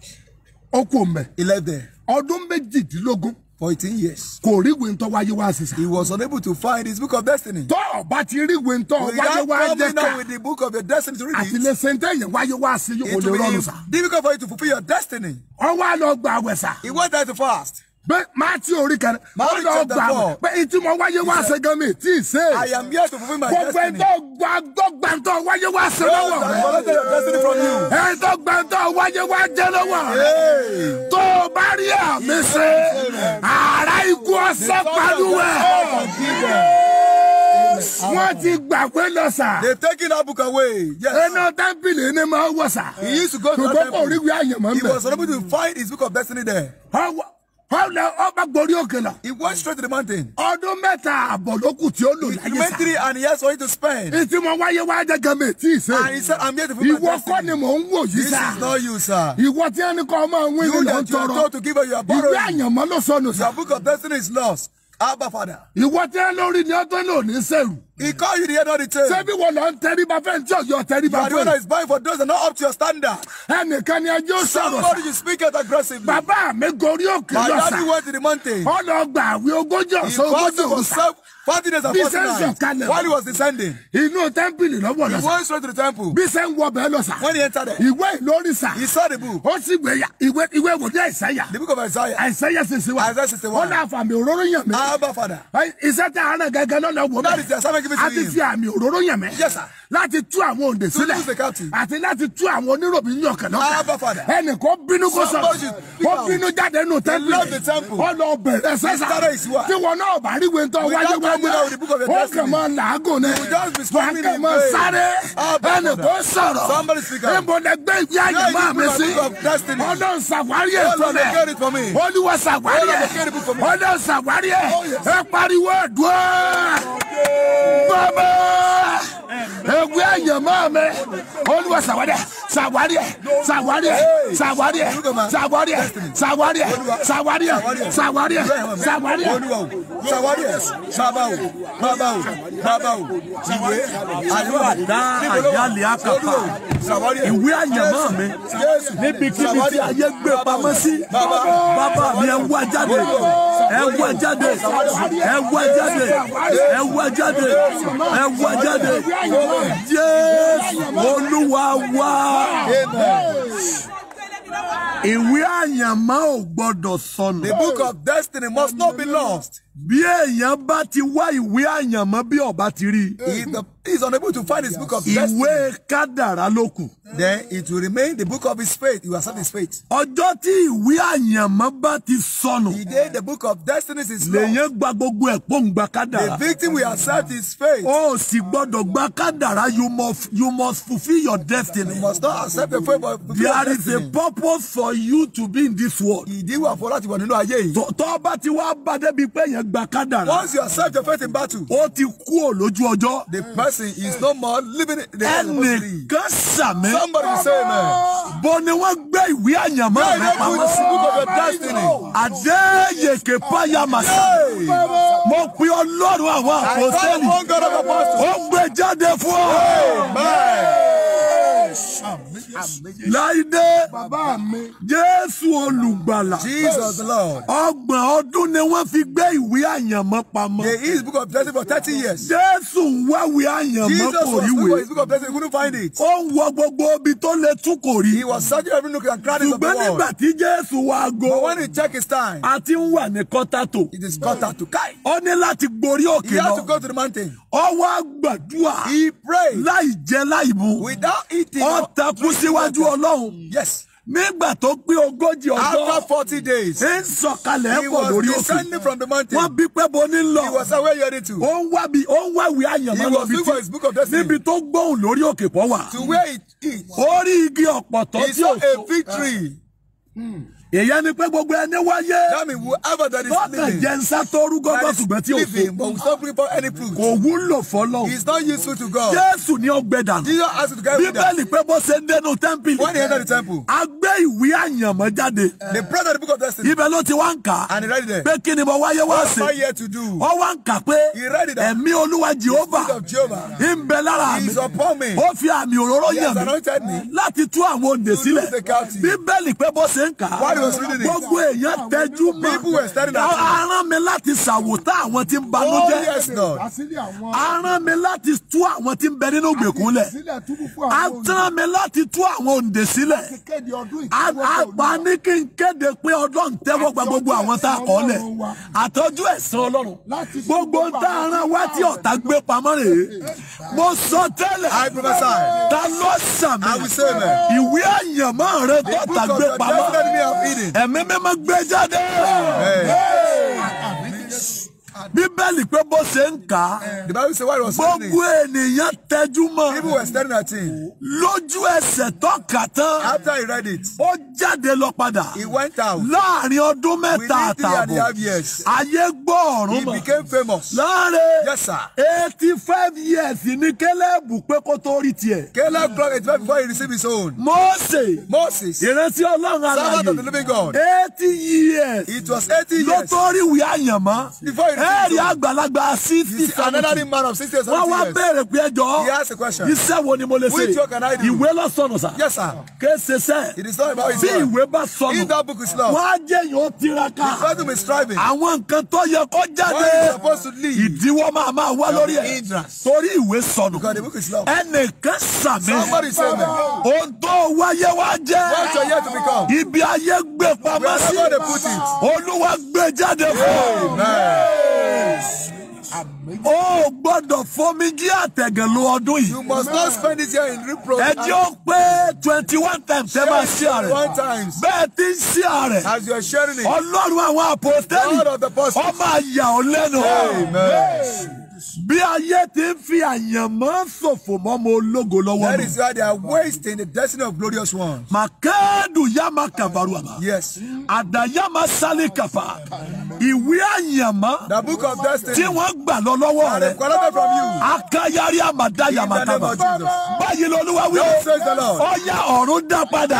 ó kú mbẹ. he left there. ọdún méjìdínlógún. fourteen years. kò rí ìwé wáyé wá sísan. he was unable to find his book of destiny. tọ́ ọba ti rí ìwé ntọ́ wáyé wá jẹ́ ká. without with the book of your destiny to read it. àtìlẹ́ sẹ́ńtẹ́ yẹn wáyé wá sí yóò lè rọrùn sa. it will be difficult for you to fulfil your destiny. ọwọ́ àlọ́ gba àwẹ̀ sa. he went there to fast bẹ maa ti orí kẹrẹ wọn lọ gbà pé etí mọ wáyé wá ṣe gan mi tí ì ṣe gbogbo ẹjọ gba gbọgbàntọ wáyé wá ṣe lọ́wọ́ rẹ ẹjọ gbàntọ wáyé wá jẹ lọ́wọ́ rẹ tó o bá rí àmì ṣe ara ikú ọsẹ pàlú ẹ wọ́n ti gbà pé lọ sà. they taking Abuk away. yes. ẹnu tẹ́ḿpìlì ni máa wọ̀ sà. he used to go to that temple. ṣùgbọ́n kò rí wíwá yẹ̀mọ́ mẹ́. he was able to find his book of destiny there. ọwọ́. Paul ọba gorí òkè lọ. He went straight to the mountain. Ọdún mẹ́ta àbọ̀ ló kù tí ó lò He went three and he has for to spend. Ìtí mo wáyé Why you mi the ì sè. And he said I'm here to put my destiny. Ìwọ kọ́ ni This is not you sir. Ìwọ tí ẹni kan máa win. You don't you are to give up your borrowing. Ìwé àyànmọ́ ló sọnù sá. Your book of destiny is lost. Abba Father. Ìwọ tẹ́ lórí ni ọtọ́ lò ní sẹ́rù. Ikọ́ yìí ni ẹnu ọ̀dìtẹ́. Ṣebí wọ́n lọ ń tẹríba fẹ́ ní tí ọ̀yọ́ tẹríba fẹ́. Your donor is buying for those that are not up to your standard. Ẹnìkan ni ẹjọ́ sọ̀rọ̀. Somebody you speak out aggressively. Bàbá mi gorí òkè lọ́sà. My daddy went to the mountain. Ọ̀nà ọgbà àwí ogójì ọ̀sán ogójì ọ̀sán forty days and forty nights. while he was descending. inú tẹ́ḿpìlì lọ́wọ́ lọ sá. he went straight to the temple. bísẹ̀ ń wọ bẹ́ẹ̀ lọ when he entered there. ìwé ìlórí sá. he saw the book. ó sì gbé ya ìwé ìwé ìwòdì àìsàyà. the book of Isaiah. Isaiah sixty one. Isaiah sixty one. ó náà fàmì òróró yàn mí. abba father. iṣẹ́ tá a rán gẹ́gẹ́ lọ́nà wò mí. that is the assignment given to him. a ti fi àmì òróró yàn mí. yes sir láti tú àwọn òǹdè sílẹ̀ àti láti tú àwọn oníròbí yànkàn lọ́kàn ẹnì kan bínú kó sọ ó bínú jáde nù tẹ́pìlì ó lọ bẹ̀rẹ̀ sẹ́sà tí wọn náà bá rí wẹ́ntọ́ wáyé wáyé ó kàn máa làágùn náà wà kàn máa sáré ẹnì kan sọ̀rọ̀ níbo lẹ gbé ìwé àyẹ̀mọ́ mi sí ọlọ́run ṣàwárí ètò rẹ̀ olúwa ṣàwárí ẹ̀ ọlọ́run ṣàwárí ẹ̀ oh, ẹ pariwo ẹ̀dùn ẹ̀ bàbá ogun àyànmọ́ mi olúwa ṣàwárí ẹ̀ ṣàwárí ẹ̀ ṣàwárí ẹ̀ ṣàwárí ẹ̀ ṣàwárí ẹ̀ ṣàwárí ẹ̀ ṣàwárí ẹ̀ ṣàwárí ẹ̀ ṣàwárí ẹ̀ ṣàwárí ẹ̀ ṣàbà o bàbà o bàbà o ìwé àyẹ̀wò àdá àyálẹ̀ àkàpà ìwé àyànmọ́ mi níbikíbi tí ayé gbé pamọ́ sí bàbá mi ẹ wá jáde ẹ wá jáde ẹ wá jáde ẹ wá jáde ẹ wá jáde. Jésù Olúwa wá. Ìwé àyànmọ́ ò gbọ́dọ̀ sọnù. The book of destiny must not be lost bí èèyàn bá ti wá ìwé àyànmọ́ bí ọba ti rí. he is unable to find his book of destiny. ìwé kádàrá ló kù. then it will remain the book of his faith you are satisfied. ọjọ́ tí ìwé àyànmọ́ bá ti sọnù. the day the book of destiny is lost. lèyàn gba gbogbo ẹ̀ ń gba kádàrá. the victim will accept his faith. o sì gbọ́dọ̀ gba kádàrá you must you must fulfil your destiny. you must not accept your faith there is a purpose for you to be in this world. ìdíwọ̀ àfọlá ti wà nínú ayé yìí. tọ́ bá ti wá bá débi pé yẹn gba kádàrá. once you accept your faith in battle. ó ti kú ò lójú ọjọ́. the person is no more living in the house of the living. ẹnìkan sàmì. somebody say amen. bó ni wọ́n gbé ìwé àyànmọ́ rẹ pamọ́ sí. book of your destiny. àdéyèké payamasa. mo pe ọlọ́run àwọn àpòtẹ́lì. ó gbé jáde fún ọ. amen láìdé jésù olùgbàlà ọgbọ̀n ọdún ni wọ́n fi gbé ìwé àyànmọ́ pamọ́. the east book of blessing for thirty years. jésù ń wá ìwé àyànmọ́ kò rí ìwé. jesus was looking for his book of blessing he couldn't find it. ó ń wọ gbogbo ibi tó lè tún kò rí. he was searching every nook and cranny of the world. ṣùgbọ́n nígbà tí jésù wá ago. but when he check his time. a ti ń wà ní kọ́tà it is kọ́tà káì. ó ní láti gborí òkè lọ. he had to go to the mountain. ó wá he prayed. láì jẹ láì mu. without eating. ó takú síwájú ọlọ́run. yes nígbà tó gbé ogójì ọjọ́ after forty days ń sọ̀kalẹ̀ ẹ̀pọ̀ lórí òkè he was descending from the mountain wọ́n bí pé bo ní lọ he was away yẹri too ó ń wá bi ó ń wá ìwé àyànmọ́ lọ bí tí níbi tó gbóhùn lórí òkè pọ̀ wà to where it is orí igi ọ̀pọ̀tọ́ tí ò so he saw a victory. Uh, mm èyẹ ni pé gbogbo ẹni wáyé. dami wo ever that tóru gọ́gọ́ ṣùgbọ́n tí o but we don't bring any proof. kò wúlò fọlọ́. he is not useful to God. Jésù ni ó gbé dànù. Jesus asked to get rid of. Bíbélì pé bó ṣe ń dénú tẹ́ḿpìlì. he entered the temple. a gbé ìwé àyànmọ́ jáde. they brought out the book of destiny. ibẹ̀ ló ti wá ń kà. and he read there. pé kí ni mo wáyé wá ṣe. what am I here to do. ó wá ń kà pé. he read it there. ẹ̀mí Olúwa Jehovah. the of Jehovah. ń bẹ lára mi. he is me. ó fi àmì òróró yàn mí. he has anointed me. láti tú àwọn òǹdè sílẹ̀. the captive. Bíbélì pé bó ṣe ń kà. why gbogbo èèyàn tẹjú mọ́ aràn mi láti ṣàwòtá àwọn tí ń banújẹ́ aràn oh, mi láti tú àwọn tí ń bẹ nínú ìgbèkùn lẹ̀ aràn mi láti tú àwọn òǹdè sílẹ̀ àgbà ní kí n kéde pé ọlọ́run tẹ́wọ́ gba gbogbo àwọn tá a kọ́ lẹ̀ àtọ́jú ẹ̀sán ọlọ́run gbogbo ń tá aràn wá tí ọ̀tá gbé pamọ́ rèé mo sọ tẹ́lẹ̀ ta ló sàmì ìwé àyànmọ́ rẹ tó tàgbé pamọ́. Ẹ̀mí mímọ́ gbé jáde bíbélì pé bó ṣe ń kà á. Eh, gbogbo ènìyàn tẹjú mọ́. people were staring at him. lójú ẹsẹ̀ tó kà tán. after he read it. ó jáde lọ padà. he went out. láàrin ọdún mẹ́ta àtààbọ̀. within three ayé gbọ́ ọ̀run mọ̀. he became famous. yes sir. eighty five years ni kélébù pé kó tó rí tiẹ̀. kélébù before he received his own. mose. moses. ìrántí ọlọ́run aláyè. servant of the living God. eighty years. it was eighty years. ló tó rí wíyá yàn mọ́. before he bẹ́ẹ̀ni àgbàlagbà sixty seventy. wọ́n wá béèrè pé ẹjọ́. he asked a question. iṣẹ́ wo ni mo lè ṣe. which work can I do. ìwé lọ sa. yes sir. kése sẹ́. it is not about his work. bí ìwé bá sọnù. if that book is wọ́n á jẹ́ yóò tiraka. the person is striving. àwọn nǹkan tó yẹ kó jáde. what is supposed to leave. ìdíwọ́ máa máa wá lórí ẹ̀. torí ìwé sọnù. because the book is lost. ẹnìkan sàmì. somebody say me. ohun tó wáyé wá jẹ́. what you yet to become. ibi ayé gbé pamọ́ sí. wherever they put olúwa gbé jáde fún. amen o oh, gbọ́dọ̀ fomijì àtẹ̀gàn lo ọdún yìí. you must not spend this year in reproach. ẹ jẹ́ ó pé twenty one times ẹ máa ṣí àrẹ. bẹ́ẹ̀ ti ń ṣí àrẹ. as you are sharing it. ọlọ́run àwọn àpòtẹ́lì ọmọ àyà ò lẹ́nu. amen. amen. Bí ayé ti ń fi àyànmọ́ ṣòfò mọ́ mo lógo lọ́wọ́ mi. That is why they are wasting the destiny of glorious ones. Màkẹ́ẹ̀dù yá máa kàfàrú àmà. Yes. Àdáyá máa sálé kàfà. Ìwé àyànmọ́. The book of destiny. Tí wọ́n gbà lọ lọ́wọ́ rẹ̀. Akayari àmàdáyà màtàbà. Báyìí lolúwa wí. Ọ̀ya ọ̀run dá padà.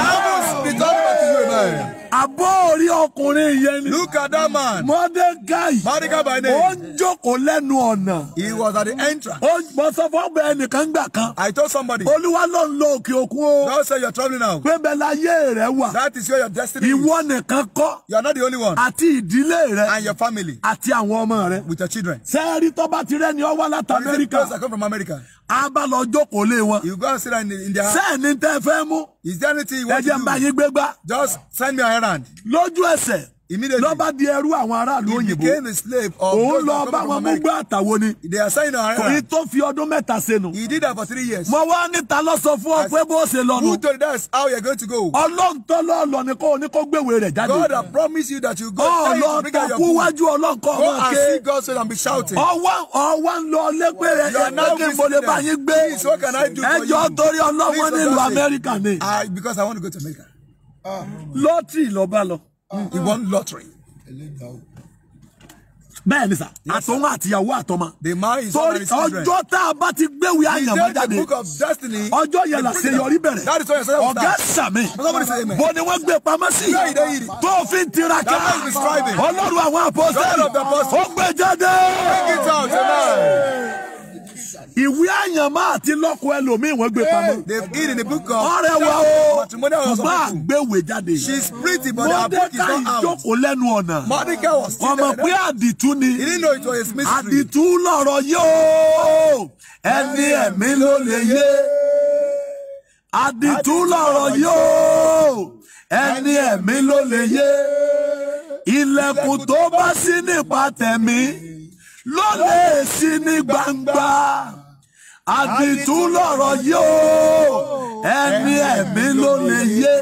Àbọ̀ orí ọkùnrin yẹn ni. Look at that man. Modern gáì. Mọ́dé gáì by name. Ó ń jókòó lẹ́nu ọ̀nà. He was at the entrance. Ó bọ́ sọ fún ọgbẹ́ ẹnìkan gbà kan. I told somebody. Olúwa ló ń lo òkè òkun o. God said you now. Pé bẹ́ẹ̀ láyé rẹ That is where your destiny is. Ìwọ nìkan kọ́. You are not the only one. Àti ìdílé rẹ. And your family. Àti àwọn ọmọ rẹ. With your children. Sẹ́ẹ̀rì tó bá ti rẹ́ ni ọ wá láti Amẹ́ríkà. And come from America a bá lọ jókòó you go and sit in their house. sẹ́ẹ̀ni tẹ́ is there anything you want to do. just send me a hand. lójú ẹsẹ̀ immediately. ló bá di ẹrú àwọn aráàlú òyìnbó. he became a slave of those that come from America. òun lọ bá wọn gbogbo àtàwọn ni. they are saying our error. èyí tó fi ọdún mẹ́ta ṣe nù. he did that for three years. mo wá níta lọ sọ fún ọ pé bó ṣe lọ nù. who told us how you are going to go. ọlọ́run tó lọ lọ ni kò ní kó gbèwé rẹ̀ jáde. God has promised you that you go. ọ lọ takú wájú ọlọ́kọ̀ ọmọ ké. go and see God so that be shouting. ọwọ́ ọwọ́ ń lọ lẹ́pẹ̀rẹ̀ ẹ̀rọ kí n bọ̀lẹ̀ bá yín gbé. please what can I do for you. ẹjọ́ torí ọlọ́wọ́ nílùú Amẹ́ríkà ni. because I want to go to America. Ah. lọ́tì lọ́ba lọ he won lottery. bẹ́ẹ̀ ni sà àtọ́wọ́ àtìyàwó àtọ́mọ. torí ọjọ́ tá a bá ti gbéwèé àyànmọ́ jáde ọjọ́ yẹn la ṣeyọrí bẹ̀rẹ̀ ọ̀gá sàmì bó ni wọ́n gbé pamọ́ sí tó fi ń tiraka ọlọ́run àwọn àpọ́sẹ́lì ó gbé jáde ìwé àyànmọ́ àti lọ́kọ ẹlòmíì wọ́n gbé pamọ́. they have hidden the book of ọ̀rẹ́ wa o bá gbéwè jáde. she is pretty but her book is not out. mọ́dékà ìjókòó lẹ́nu ọ̀nà. ọmọ pé àdìtú ni. didn't know it was his mystery. àdìtú lọ̀rọ̀ yóò ẹni ẹ̀mí ló lè yé. àdìtú lọ̀rọ̀ yóò ẹni ẹ̀mí ló lè yé. ilẹ̀kùn tó bá sí nípa tẹ̀mí ló lè sí ní gbangba àdìtú lọ̀rọ̀ yìí o ẹni ẹ̀mí ló lè yé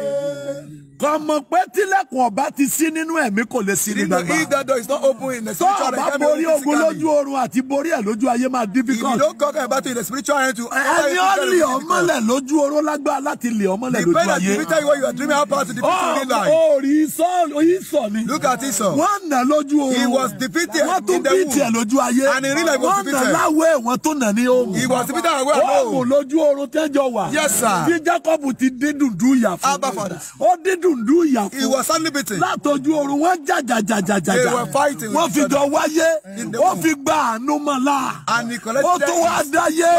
nǹkan mọ̀ pé tílẹ̀kùn ọba ti sí nínú ẹ̀mí kò lè sí ní gbàgbà. if that door is not open in the spiritual realm. tọ́ọ̀ borí ogun lójú oorun àti borí ẹ̀ lójú ayé máa difficult. if you don't conquer a battle in the spiritual realm to. ẹni lójú oorun lágbára láti lè ọmọlẹ̀ lójú ayé. the you are dreaming about to the people oh, in life. o rí sọ ni. look at Esau. wọ́n nà lójú oorun. he was defeated tún bí tiẹ̀ lójú ayé. and he was defeated. nà láwẹ̀ wọ́n tún nà ní òmù. he was defeated away at lójú oorun tẹ́jọ wà. yes sir. bí Jacob ti dín dùndú yà fún. abba ó dín dùndú ìyàfó. he was only beaten. látọjú oorun wọn jàjàjàjàjà. they were fighting. wọ́n fi dọ̀ wáyé. ó fi gba àánú mọ̀ la. and he collected his mercy. ó tún wá dáyé.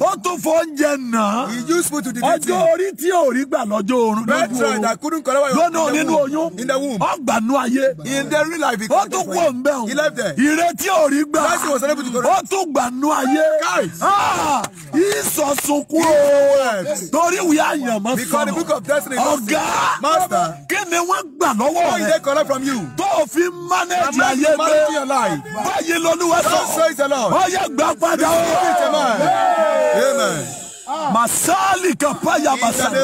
ó tún fọ oúnjẹ nà. he used food to the victim. ọjọ́ orí tí ò rí gbà lọ́jọ́ oorun. brethren that couldn't collect what you wanted. nínú oyún. in the womb. ọgbànú ayé. in the real life. ó tún kú òǹbẹ̀ o. he left there. ìrètí ò rí gbà. mercy was unable to collect. ó tún gbànú ayé. guys. Ah, ìsọ̀sùn kú o. torí wíyá yàn mọ́ sọ̀rọ̀. because the book of destiny. ọ̀gá father. kí ni wọ́n gbà lọ́wọ́ rẹ. what did collect from you. tó o fi manage ayé gbé báyìí lolúwa sọ. so says the Lord. ó yẹ gbà padà o. this is the man. amen. amen. Ah. Masali kapaya masali.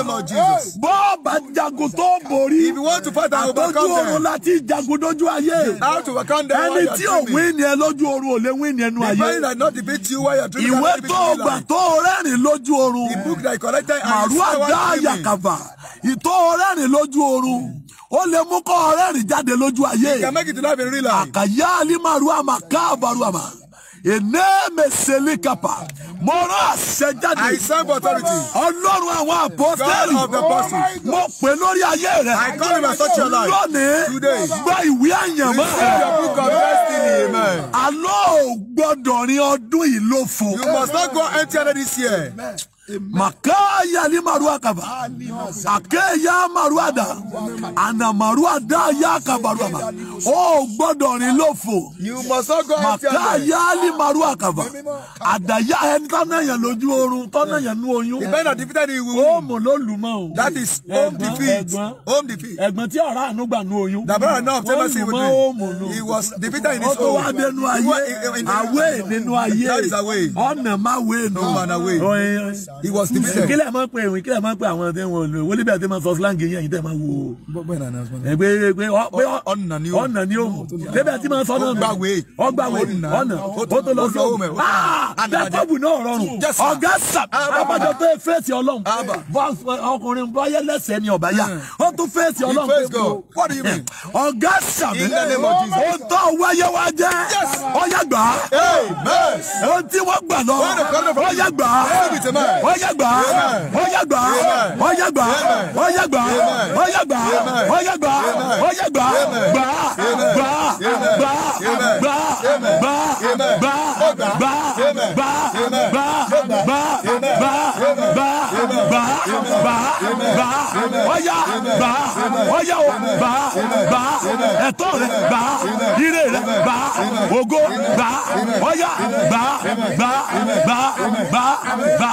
Bọ́ bá jagun tó borí. If you want to fight and overcome them. Àtọ́jú oorun láti jagun lójú ayé. How to overcome them while you are dreaming. Ẹni tí ò win ni ẹ lójú oorun ò lè win ni ẹnu ayé. The man that not defeat you while you are dreaming. Ìwé tó gbà tó rẹ́rìn lójú oorun. The book that you collected and you still want to read. Màrú àdá àyàkàbà. Ìtó rẹ́rìn lójú oorun ó lè mú kọ́ ọ̀rẹ́ rìn jáde lójú ayé. àkàyà alimaru àmàkà àbárù àmà iná mẹsẹ̀lì kapa mo rán àṣẹ jáde. I serve authority. ọlọ́run àwọn apọ́sítẹ́lì. God of the apostles. Oh mo pè lórí ayé rẹ. I call him as such your life. lónìí today gba ìwé àyànmọ́. receive your book of destiny amen. àlọ́ ò gbọ́dọ̀ rin ọdún yìí lófo. you must not go empty handed this year. Amen makaya li marua kaba ake ya marua da ana marua da ya kaba rua ma o gbọ́dọ̀ rin lófo makaya ni marua kaba àdàyà ẹni tọ́nà yẹn lójú oorun tọ́nà yẹn nú oyún hóòmù ló lù mọ́ o that is home defeat home defeat ẹ̀gbọ́n tí ọ̀rá àánú gbà nú oyún dabara náà tẹ́lẹ̀ sí ìwé he was defeated in his own ọkọ̀ wa dénú ayé awé nínú ayé ọ̀nà má No man away he was the defeated. kílẹ̀ máa ń pè ìwìn kílẹ̀ máa ń pè àwọn tí wọn lò wọlé bí àti máa sọ slang yẹn yìí tẹ̀ máa wò. pé pé ọ̀nà ni ó ọ̀nà ni ó débi àti máa sọ náà nù ọgbàwé ọ̀nà ó tó lọ sí òun. Ah! jacob náà rọrùn ọ̀gá sàp abájọ tó fèsì ọlọ́run eh, ọkùnrin báyẹ̀ lẹ́sẹ̀ ni ọ̀bá yá hmm. ó tún fèsì ọlọ́run hmm. ọ̀gá sàp ó tọ́ wáyé wá jẹ́ ọ̀yàgbà ó tí wọ́n gbà lọ ọ̀yàgbà ọyẹ gbà ọyẹ gbà ọyẹ gbà ọyẹ gbà ọyẹ gbà ọyẹ gbà ọyẹ gbà gbà gbà gbà gbà gbà gbà gbà gbà gbà gbà gbà gbà gbà gbà gbà ọyà gbà ọyà o gbà gbà ẹ̀tọ́ rẹ gbà ire rẹ gbà ògo gbà ọyà gbà gbà gbà gbà gbà.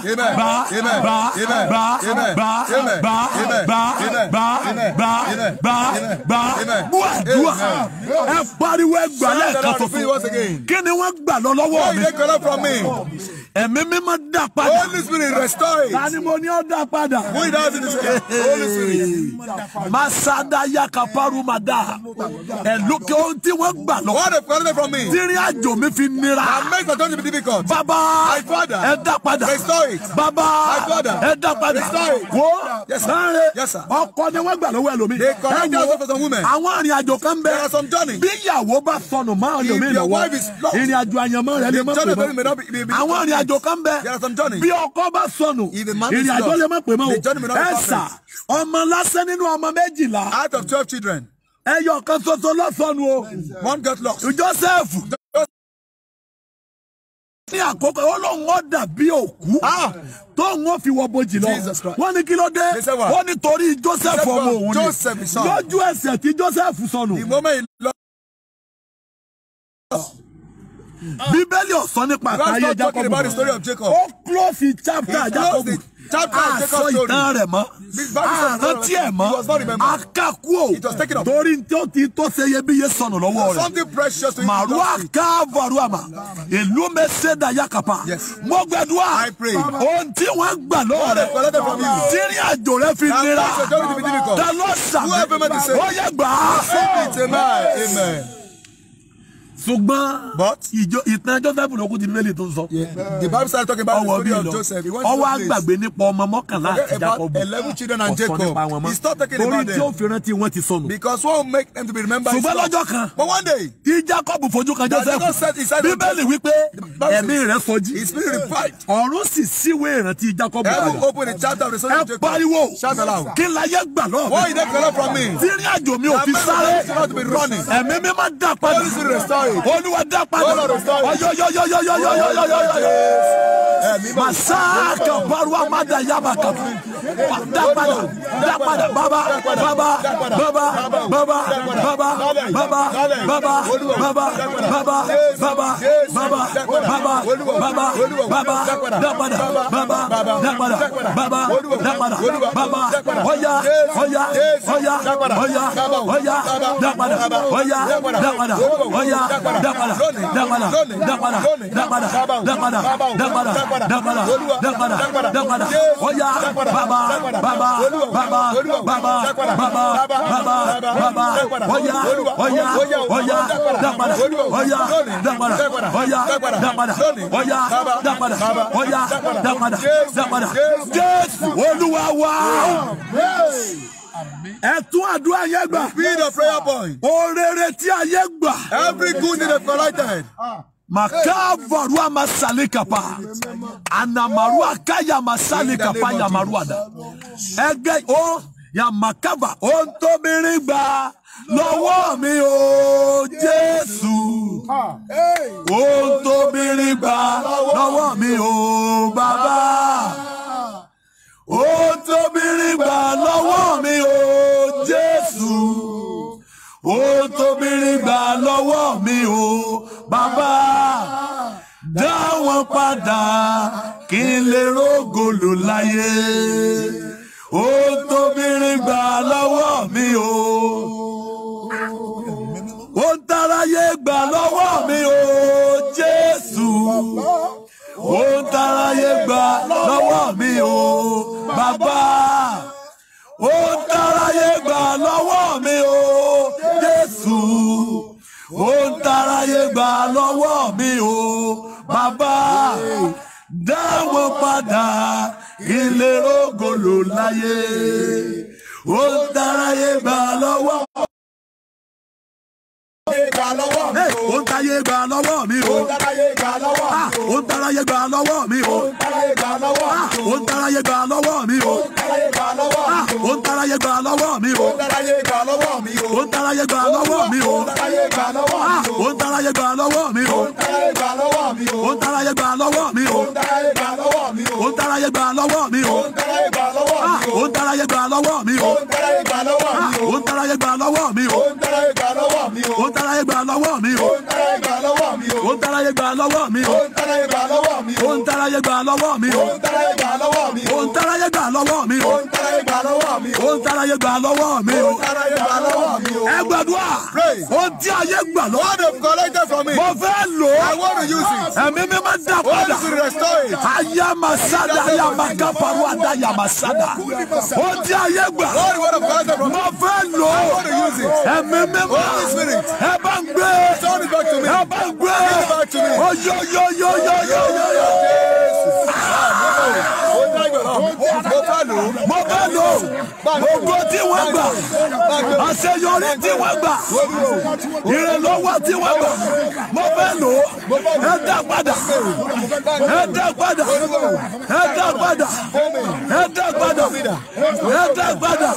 gbàdúrà ẹ pariwo ẹ gbà lẹ́ẹ̀kan tó fún kí ni wọ́n gbà lọ lọ́wọ́ mi ẹ̀mí mímọ́ dà padà. holy spirit restore it. tani mo ní ọ dà padà. who is that in this place. holy spirit. masada yakaparu mada. ẹ̀lókè ohun tí wọ́n gbà lọ. what if kọ́lẹ́ from me. tírí àjò mi fi nira. and make the country be difficult. baba ẹ dà padà. restore it bàbá ẹ dá padà wo sáré ọkọ ni wọ́n gbà lọ́wọ́ ẹlòmí ẹ wo àwọn arìnrìn àjò kan bẹ bí ìyàwó bá sọnù máa ẹlòmí lọ́wọ́ ìrìn àjò àyànmọ́ rẹ lè má pè mọ́ àwọn arìnrìn àjò kan bẹ bí ọkọ bá sọnù ìrìn àjò lè má pè mọ́ ẹ sà ọmọ lásán nínú ọmọ méjìlá. out of twelve children. ẹyọ kan ṣoṣo ló sọnù o. one got lost. Joseph ní àkókò ó lóun dàbí òkú ah! Ah! tóun ó fi wọ bojì lọ wọ́n ní kí ló torí Joseph ọmọ òun ni lójú ẹsẹ̀ tí Joseph sọnù bíbélì ọ̀sán nípa àtàyè Jacob ó close chapter Jacob àsọ ah, ìtàn rẹ̀ mọ́ àrántí ah, ẹ̀ mọ́ akákúò torí tí ó ti tó ṣe iyebíye sọnù lọ́wọ́ rẹ̀ màrú àkàvàrú àmà ìlú mẹ́sẹ̀dá yakapa mo gbàdúrà ohun tí wọ́n gbà lọ́wọ́ rẹ̀ tírí àjò rẹ̀ fi nira ta ló sàmì ó yẹ gbà á ṣùgbọ́n ìtàn joseph ló kú ti mẹ́lì tó sọ. the bible started talking about the story of joseph. ọwọ́ àgbàgbé nípa ọmọ mọ́kànlá àti jacob ọ̀sán nípa wọn mọ́ torí tí ó fi rántí wọn ti sọnù. because one will make them to be remembered. ṣùgbọ́n lọ́jọ́ kan but one day i jacob fojú kan joseph bíbélì wípé ẹ̀mí rẹ̀ sọjí ọ̀run sì síwé ìrántí jacob rẹ̀ ẹ pariwo kí n la yẹ gbà lọ́ọ̀ mi tí ìrìn àjò mi ò fi sáré ẹ̀mí mi máa dà padà olúwa dá padà ọyọyọyọyọyọyọyọyọyọ masaka baruwa mada yabaka dá padà dá padà baba baba baba baba baba baba baba baba baba baba baba baba baba baba dápadà baba dápadà baba dápadà baba ọya ọya ọya ọya ọya dápadà ọya dápadà ọya dápadà dápadà dápadà dápadà dápadà dápadà dápadà dápadà dápadà ọ̀yà bàbá bàbá bàbá bàbá bàbá bàbá bàbá ọ̀yà ọ̀yà ọ̀yà dápadà ọ̀yà dápadà ọ̀yà dápadà ọ̀yà dápadà ọ̀yà dápadà dápadà Jésù Olúwa wa. Yes. Ẹ àdúrà yẹn gbà. Be the prayer point. Orere tí a gbà. Every good in the collected. makavarua masalekapa anamarua kaya masalekapa yamaruada ẹgbẹ o yamakava o ń tóbiri gbà lọ́wọ́ mi o Jésù o ń tóbiri gbà lọ́wọ́ mi o bàbá ó tóbi rí gbà lọ́wọ́ mi o Jésù ó tóbi rí gbà lọ́wọ́ mi o bàbá dá wọn padà kí n lè rógòlù láyé ó tóbi gbà lọ́wọ́ mi o ó ń gbà lọ́wọ́ mi o Jésù ó ń gbà lọ́wọ́ mi o bàbá ó dáráyé gbà lọ́wọ́ mi o Jésù ó dáráyé gbà lọ́wọ́ mi o bàbá dáwọ́ padà ilé ògolo láyé ó dáráyé gbà lọ́wọ́ táyé gbà lọ́wọ́ mi o. ó ń táyé gbà lọ́wọ́ mi o. ó ń táyé gbà lọ́wọ́ mi o. ó ń táyé gbà lọ́wọ́ mi o. ó ń táyé gbà lọ́wọ́ mi o. ó ń táyé gbà lọ́wọ́ mi o. ó ń táyé gbà lọ́wọ́ mi o. ó ń táyé gbà lọ́wọ́ mi o. ó ń táyé gbà lọ́wọ́ mi o. ó ń táyé gbà lọ́wọ́ mi o. ó ń táyé gbà lọ́wọ́ mi o. ó ń táyé gbà lọ́wọ́ mi o. ó ń táyé gbà lọ́wọ́ mi o. ó ń táyé gbà lọ́wọ́ mi o. ó ń táyé gbà lọ́wọ́ mi o. ó ń táyé gbà lọ́wọ́ mi o. ó ń táyé gbà lọ́wọ́ mi o. ó ń táyé gbà lọ́wọ́ mi o. ó ń táyé gbà lọ́wọ́ mi o táráyé gbà lọ́wọ́ mi o. ó ń táráyé gbà lọ́wọ́ mi o. ó ń táráyé gbà lọ́wọ́ mi o. ó ń táráyé gbà lọ́wọ́ mi o. ó ń táráyé gbà lọ́wọ́ mi o. ó ń táráyé gbà lọ́wọ́ mi o. ó ń táráyé gbà lọ́wọ́ mi o. ó ń táráyé gbà lọ́wọ́ mi o. ó ń táráyé gbà lọ́wọ́ mi o. ó ń táráyé gbà lọ́wọ́ mi o. ti ayé gbà lọ́wọ́. God have collected from me. mo fẹ́ lò I want to use it. ẹ̀mí mi máa dà padà. I want to restore it. ayamasada ayamakaparo adayamasada. ó ti ayé gbà. God have collected from me. mo fẹ́ lò I want to it ẹ̀mí mímọ́ ẹ bá ń gbé ẹ bá ń gbé oyoyoyoyoyoyoyo mo bá lò ògo tí wọ́n gbà àṣeyọrí tí wọ́n gbà ìrànlọ́wọ́ tí wọ́n gbà mo bá lò ẹ dá padà ẹ dá padà ẹ dá padà ẹ dá padà ẹ dá padà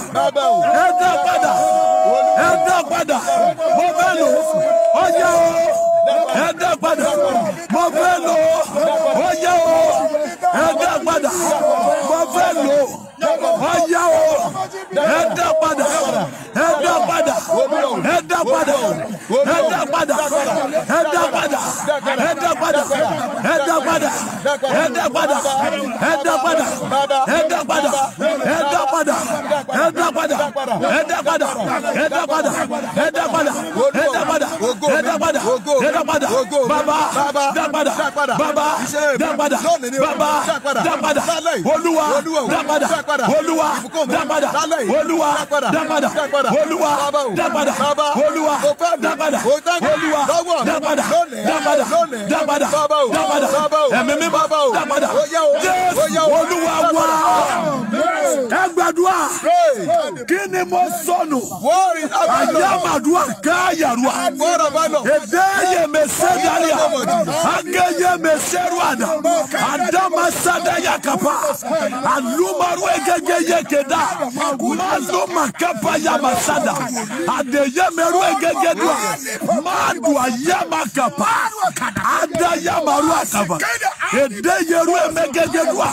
ẹ dá padà ẹ dá padà mo fẹ́ lò ó yá o ẹ dá padà mo fẹ́ lò ó yá o ẹ padà mo fẹ́ lò ó yá o ẹ padà ẹ̀dá padà ẹ̀dá padà ẹ̀dá padà ẹ̀dá padà ẹ̀dá padà ẹ̀dá padà ẹ̀dá padà ẹ̀dá padà ẹ̀dá padà ẹ̀dá padà ẹ̀dá padà ẹ̀dá padà ẹ̀dá padà ẹ̀dá padà ẹ̀dá padà ẹ̀dá padà ẹ̀dá padà bàbá dá padà bàbá dá padà bàbá dá padà olúwa dá padà olúwa dá padà olúwa dá padà olúwa olúwa dápadà olúwa dápadà olúwa dápadà dápadà dápadà dápadà ẹ̀mí mi dápadà jésù olúwa wá ẹgbàdúrà kí ni mo sọnù àyàmàdúrà káyàrúà èdè yẹmẹ sẹdálíà akẹyẹmẹ sẹrúàdà àdàmásádàyàkàpà àlùmọrú ẹgẹgẹyẹkẹdà màlúmàkàpà yàmàsá sada adeyemɛru egegedua madua yamakapa adayamaru akaba edeyeru emegegedua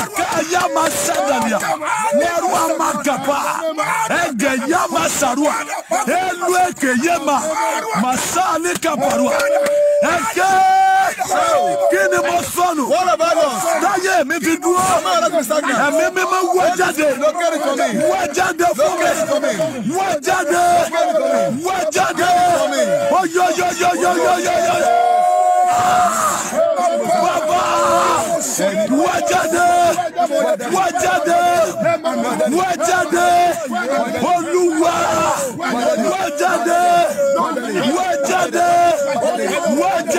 akayamasadalia meru amakapa egeyamasarua elu ekeyema masali kaparua eke kí ni mo sọnù táyé mi fi dúró ẹ̀mí mi máa wá jáde wá jáde fún mi wá jáde wá jáde oyoyoyoyoyoyoyo bàbá wá jáde wá jáde wá jáde olúwa wá jáde wá jáde wá jáde.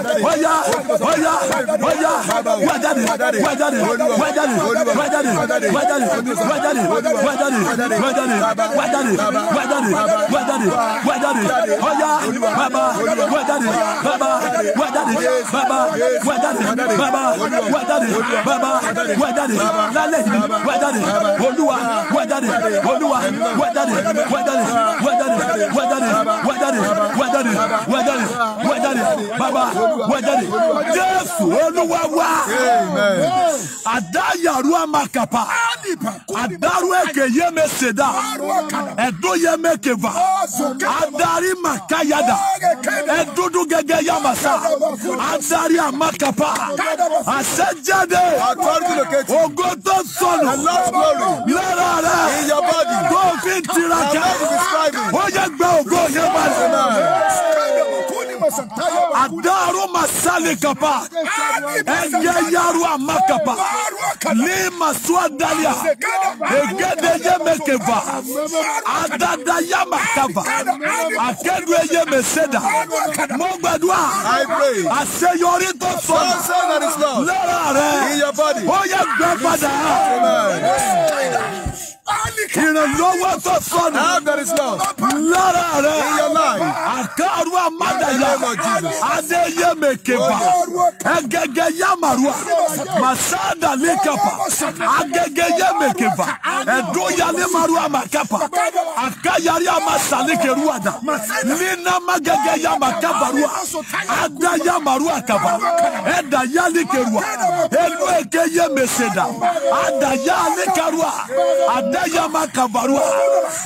vaya, vaya, vaya, wá jáde wá jáde wá jáde wá jáde wá jáde wá jáde wá jáde wá jáde wá jáde wá jáde wá jáde wá jáde wá jáde wá jáde wá jáde ọ̀yá bàbá wá jáde bàbá wá jáde bàbá wá jáde bàbá wá jáde bàbá wá jáde lálẹ́ yìí wá jáde olúwa wá jáde olúwa wá jáde wá jáde wá jáde wá jáde wá jáde olúwa wá adayaru amakapa adaru eke yeme seda edo yeme keva adari makayada edudu gege yamasa adari amakapa asejade ogoto sọnù lára rẹ tó fi tiraka ó yẹ gba ògo yẹn balẹ̀ adaro masale kapa ɛnyɛ yaro ama kapa ni masua dalia egede ye mekeva adada ya makava akedu eye meseda mo gbàdúrà àṣeyọrí tó sọnà lára rẹ ó yẹ ìrànlọ́wọ́ tó sọnù lára rẹ̀ àkàrú àmàdàlà adéyémekeba ẹgẹgẹ yamarua masada lekapa agẹgẹ yémekeba ẹdóyalé marua makapa akayari amasalekeruada linamagẹgẹ yamakabarua adayamaru akaba ẹda yali kerua elu eke yemeseda ada yali karua ada. Ayama Kabarua.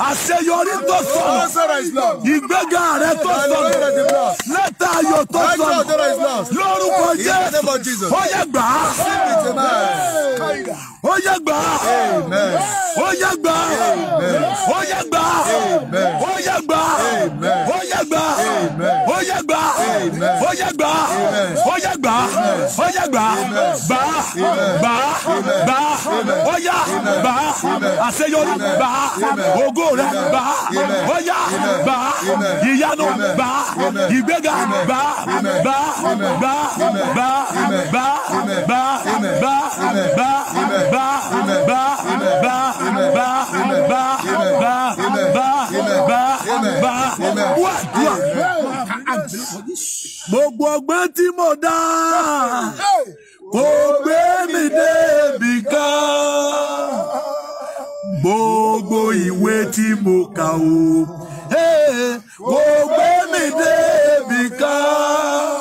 Àṣeyọrí tó sọ̀rọ̀. Ìgbéga rẹ tó sọ̀rọ̀. Lẹ́tà ayọ̀ tó sọ̀rọ̀. Lórúkọ Jésù. Ó yẹ gbà á. Ó yẹ gbà á. Ó yẹ gbà á. Ó yẹ gbà á. Ó yẹ gbà á. Ó yẹ gbà á. Ó yẹ gbà á ó yá gbà ó yá gbà ó yá gbà gbà gbà gbà ó yá gbà àṣeyọrí gbà ògo rẹ gbà ó yá gbà ìyanu gbà ìgbéga gbà gbà gbà gbà gbà gbà gbà gbà. gbé tí mo dá kò gbé mi débi kan gbogbo ìwé tí mo kà ó kò gbé mi débi kan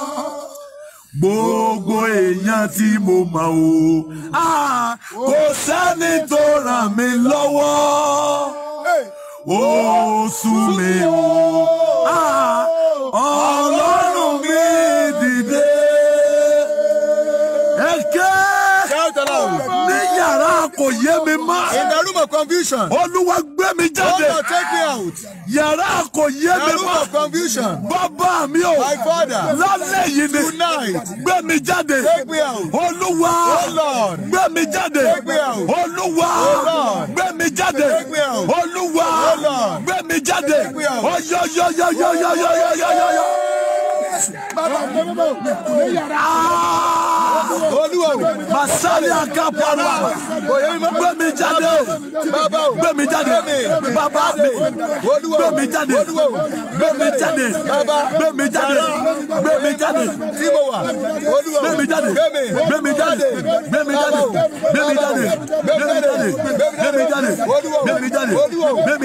gbogbo èèyàn tí mo mọ̀ ó kò sẹ́ni tó ràn mí lọ́wọ́ ó sú mi ó ọlọ́run mi. kò yé mi mọ́. in the room of confusion. olúwa gbé mi jáde. God take me out. yàrá kò yé mi mọ́. in the room of confusion. bàbá mi o. my father. lálẹ́ yìí ni. tonight. gbé mi jáde. take me out. olúwa. O oh, lord. gbé mi jáde. take me out. olúwa. O oh, lord. gbé mi jáde. take me out. olúwa. O oh, lord. gbé mi jáde. take me out. oyoyoyoyoyoyoyoyoyo jésù bàbá gbẹmímọ ní yàrá. olúwa masali akaparu gbé mi jáde gbé mi jáde Baba, mi gbé mi jáde gbé mi jáde gbé mi jáde gbé mi jáde gbé mi jáde gbé mi jáde gbé mi jáde gbé mi jáde gbé mi jáde gbé mi jáde gbé mi jáde gbé mi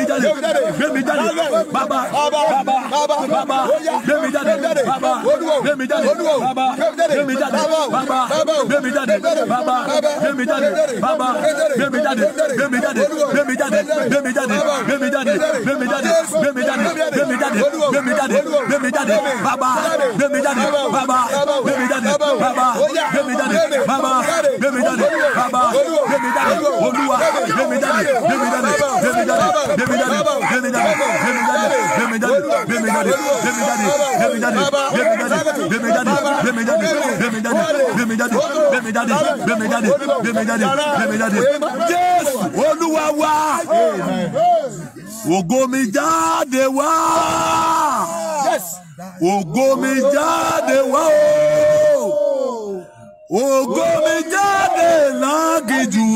jáde gbé mi jáde Baba, Baba, Baba, gbé mi jáde Baba, bàbá gbé mi jáde bàbá gbé mi jáde bàbá gbé mi jáde bàbá gbé mi jáde bàbá gbé mi jáde gbé mi jáde gbé mi jáde gbé mi jáde gbé mi jáde gbé mi jáde gbé mi jáde gbé mi jáde gbé mi jáde gbé mi jáde bàbá gbé mi jáde bàbá gbé mi jáde bàbá gbé mi jáde bàbá gbé mi jáde bàbá gbé mi jáde olúwa gbé mi jáde gbé mi jáde gbé mi jáde gbé mi jáde gbé mi jáde gbé mi jáde gbé mi jáde gbé mi jáde gbé mi jáde jésù olúwa wá ògo mi jáde wá ògo mi jáde wá ògo mi jáde lágìjù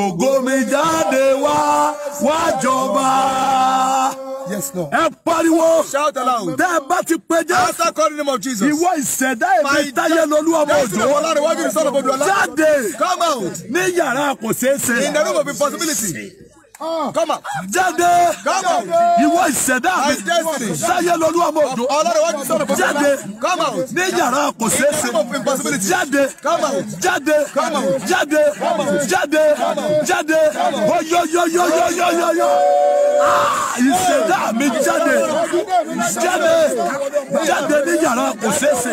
ògo mi jáde wá wá Yes, Lord. Ẹ pariwo. Shout aloud. Tẹ́ ẹ bá ti pé jẹ́. Answer call in the name of Jesus. Ìwọ ìṣẹ̀dá èmi táyé lolú ọmọ òjò. Jésù Bọ̀lá rẹ̀ wájú ìsọ̀rọ̀ bọ̀dọ̀ ọ̀la. Jáde. Come out. Ní yàrá kò ṣeé ṣe. In the room of impossibility. Ah. jáde ìwọ ìṣẹ̀dá mi sáyé lọ́lú ọmọ òdò jáde ní yàrá kò ṣeéṣe jáde jáde jáde jáde jáde oyoyoyoyoyoyo ah, ìṣẹ̀dá mi jáde jáde jáde ní yàrá kò ṣeéṣe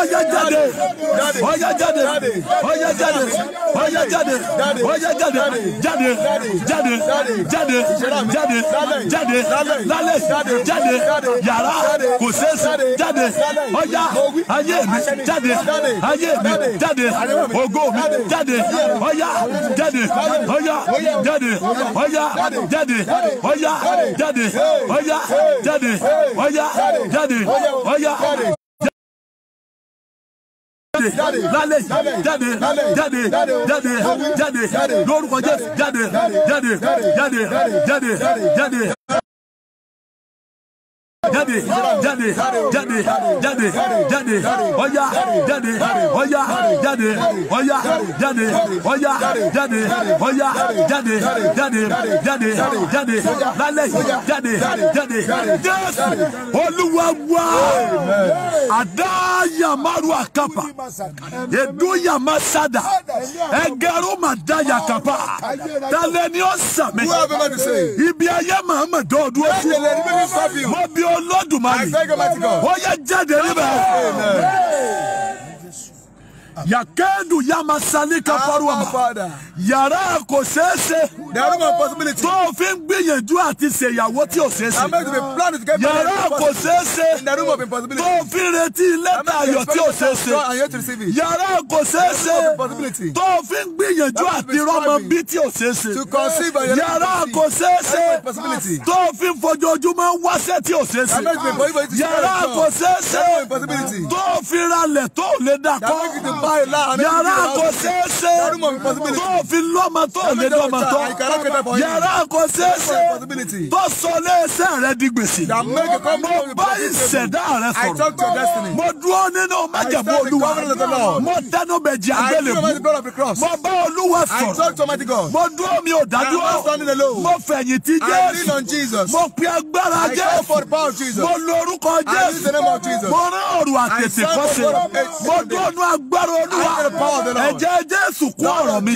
ọyá jáde ọyá jáde ọyá jáde ọyá jáde ọyá jáde jáde jáde jáde jáde jáde lálẹ́ jáde yàrá kò sẹ́sì jáde ọjà ayé mi jáde ayé mi jáde ògo mi jáde ọjà jáde ọjà jáde ọjà jáde ọjà jáde ọjà jáde ọjà jáde ọjà jáde lálẹ́ jáde jáde jáde jáde lórúkọ Jésù jáde jáde jáde jáde jáde jáde jáde jáde jáde jáde ọ̀yá jáde ọ̀yá jáde ọ̀yá jáde ọ̀yá jáde ọ̀yá jáde jáde jáde jáde lálẹ́ jáde jáde jésù olúwa wá àdáyàmárù àkàpà èdóyàmásádà ẹgẹrùmàdáyàkàpà tálẹ́ni ọ̀sàmẹ́ ibi ayé màmá dọ́ọ̀dúró fún mọ́bí ọ olódùmarè ó yẹ jáde níbẹ̀ yakendu yamasalika faruama yàrá kò ṣeéṣe tó fi ń gbìyànjú àti ṣèyàwó tí ò ṣeéṣe yàrá kò ṣeéṣe tó fi ń retí lẹ́tà ayọ̀ tí ò ṣeéṣe yàrá kò ṣeéṣe tó fi ń gbìyànjú àti rọ́mọ bí tí ò ṣeéṣe yàrá kò ṣeéṣe tó fi ń fojoojúmọ́ wáṣẹ́ tí ò ṣeéṣe yàrá kò ṣeéṣe tó fi ralẹ̀ tó lè dà kọ́ yàrá kò ṣeéṣe tó fi lọ́mọ tó lé lọ́mọ tó yàrá kò ṣeéṣe tó sọ léṣe rẹ di gbèsè mo bá ìṣẹ̀dá rẹ sọ̀rọ̀ mo dúró nínú májàmú olúwa mo dáná bẹ̀ jẹ́ àgbélébùú mo bá olúwa sọ̀rọ̀ mo dúró mi ò dádúró mo fẹ̀yìntì jésù mo pe agbára jésù mo lo jésù mo rán ọ̀rọ̀ àtètè kọ́sẹ̀ mo dúró nu agbára agbára olúwa ẹ̀jẹ̀ jésù kú ọ̀rọ̀ mi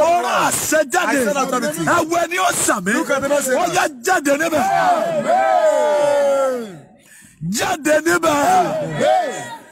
mo rán àṣẹ jáde ẹ̀wẹ̀ ni ó sàmì ó yá jáde níbẹ̀ jáde níbẹ̀.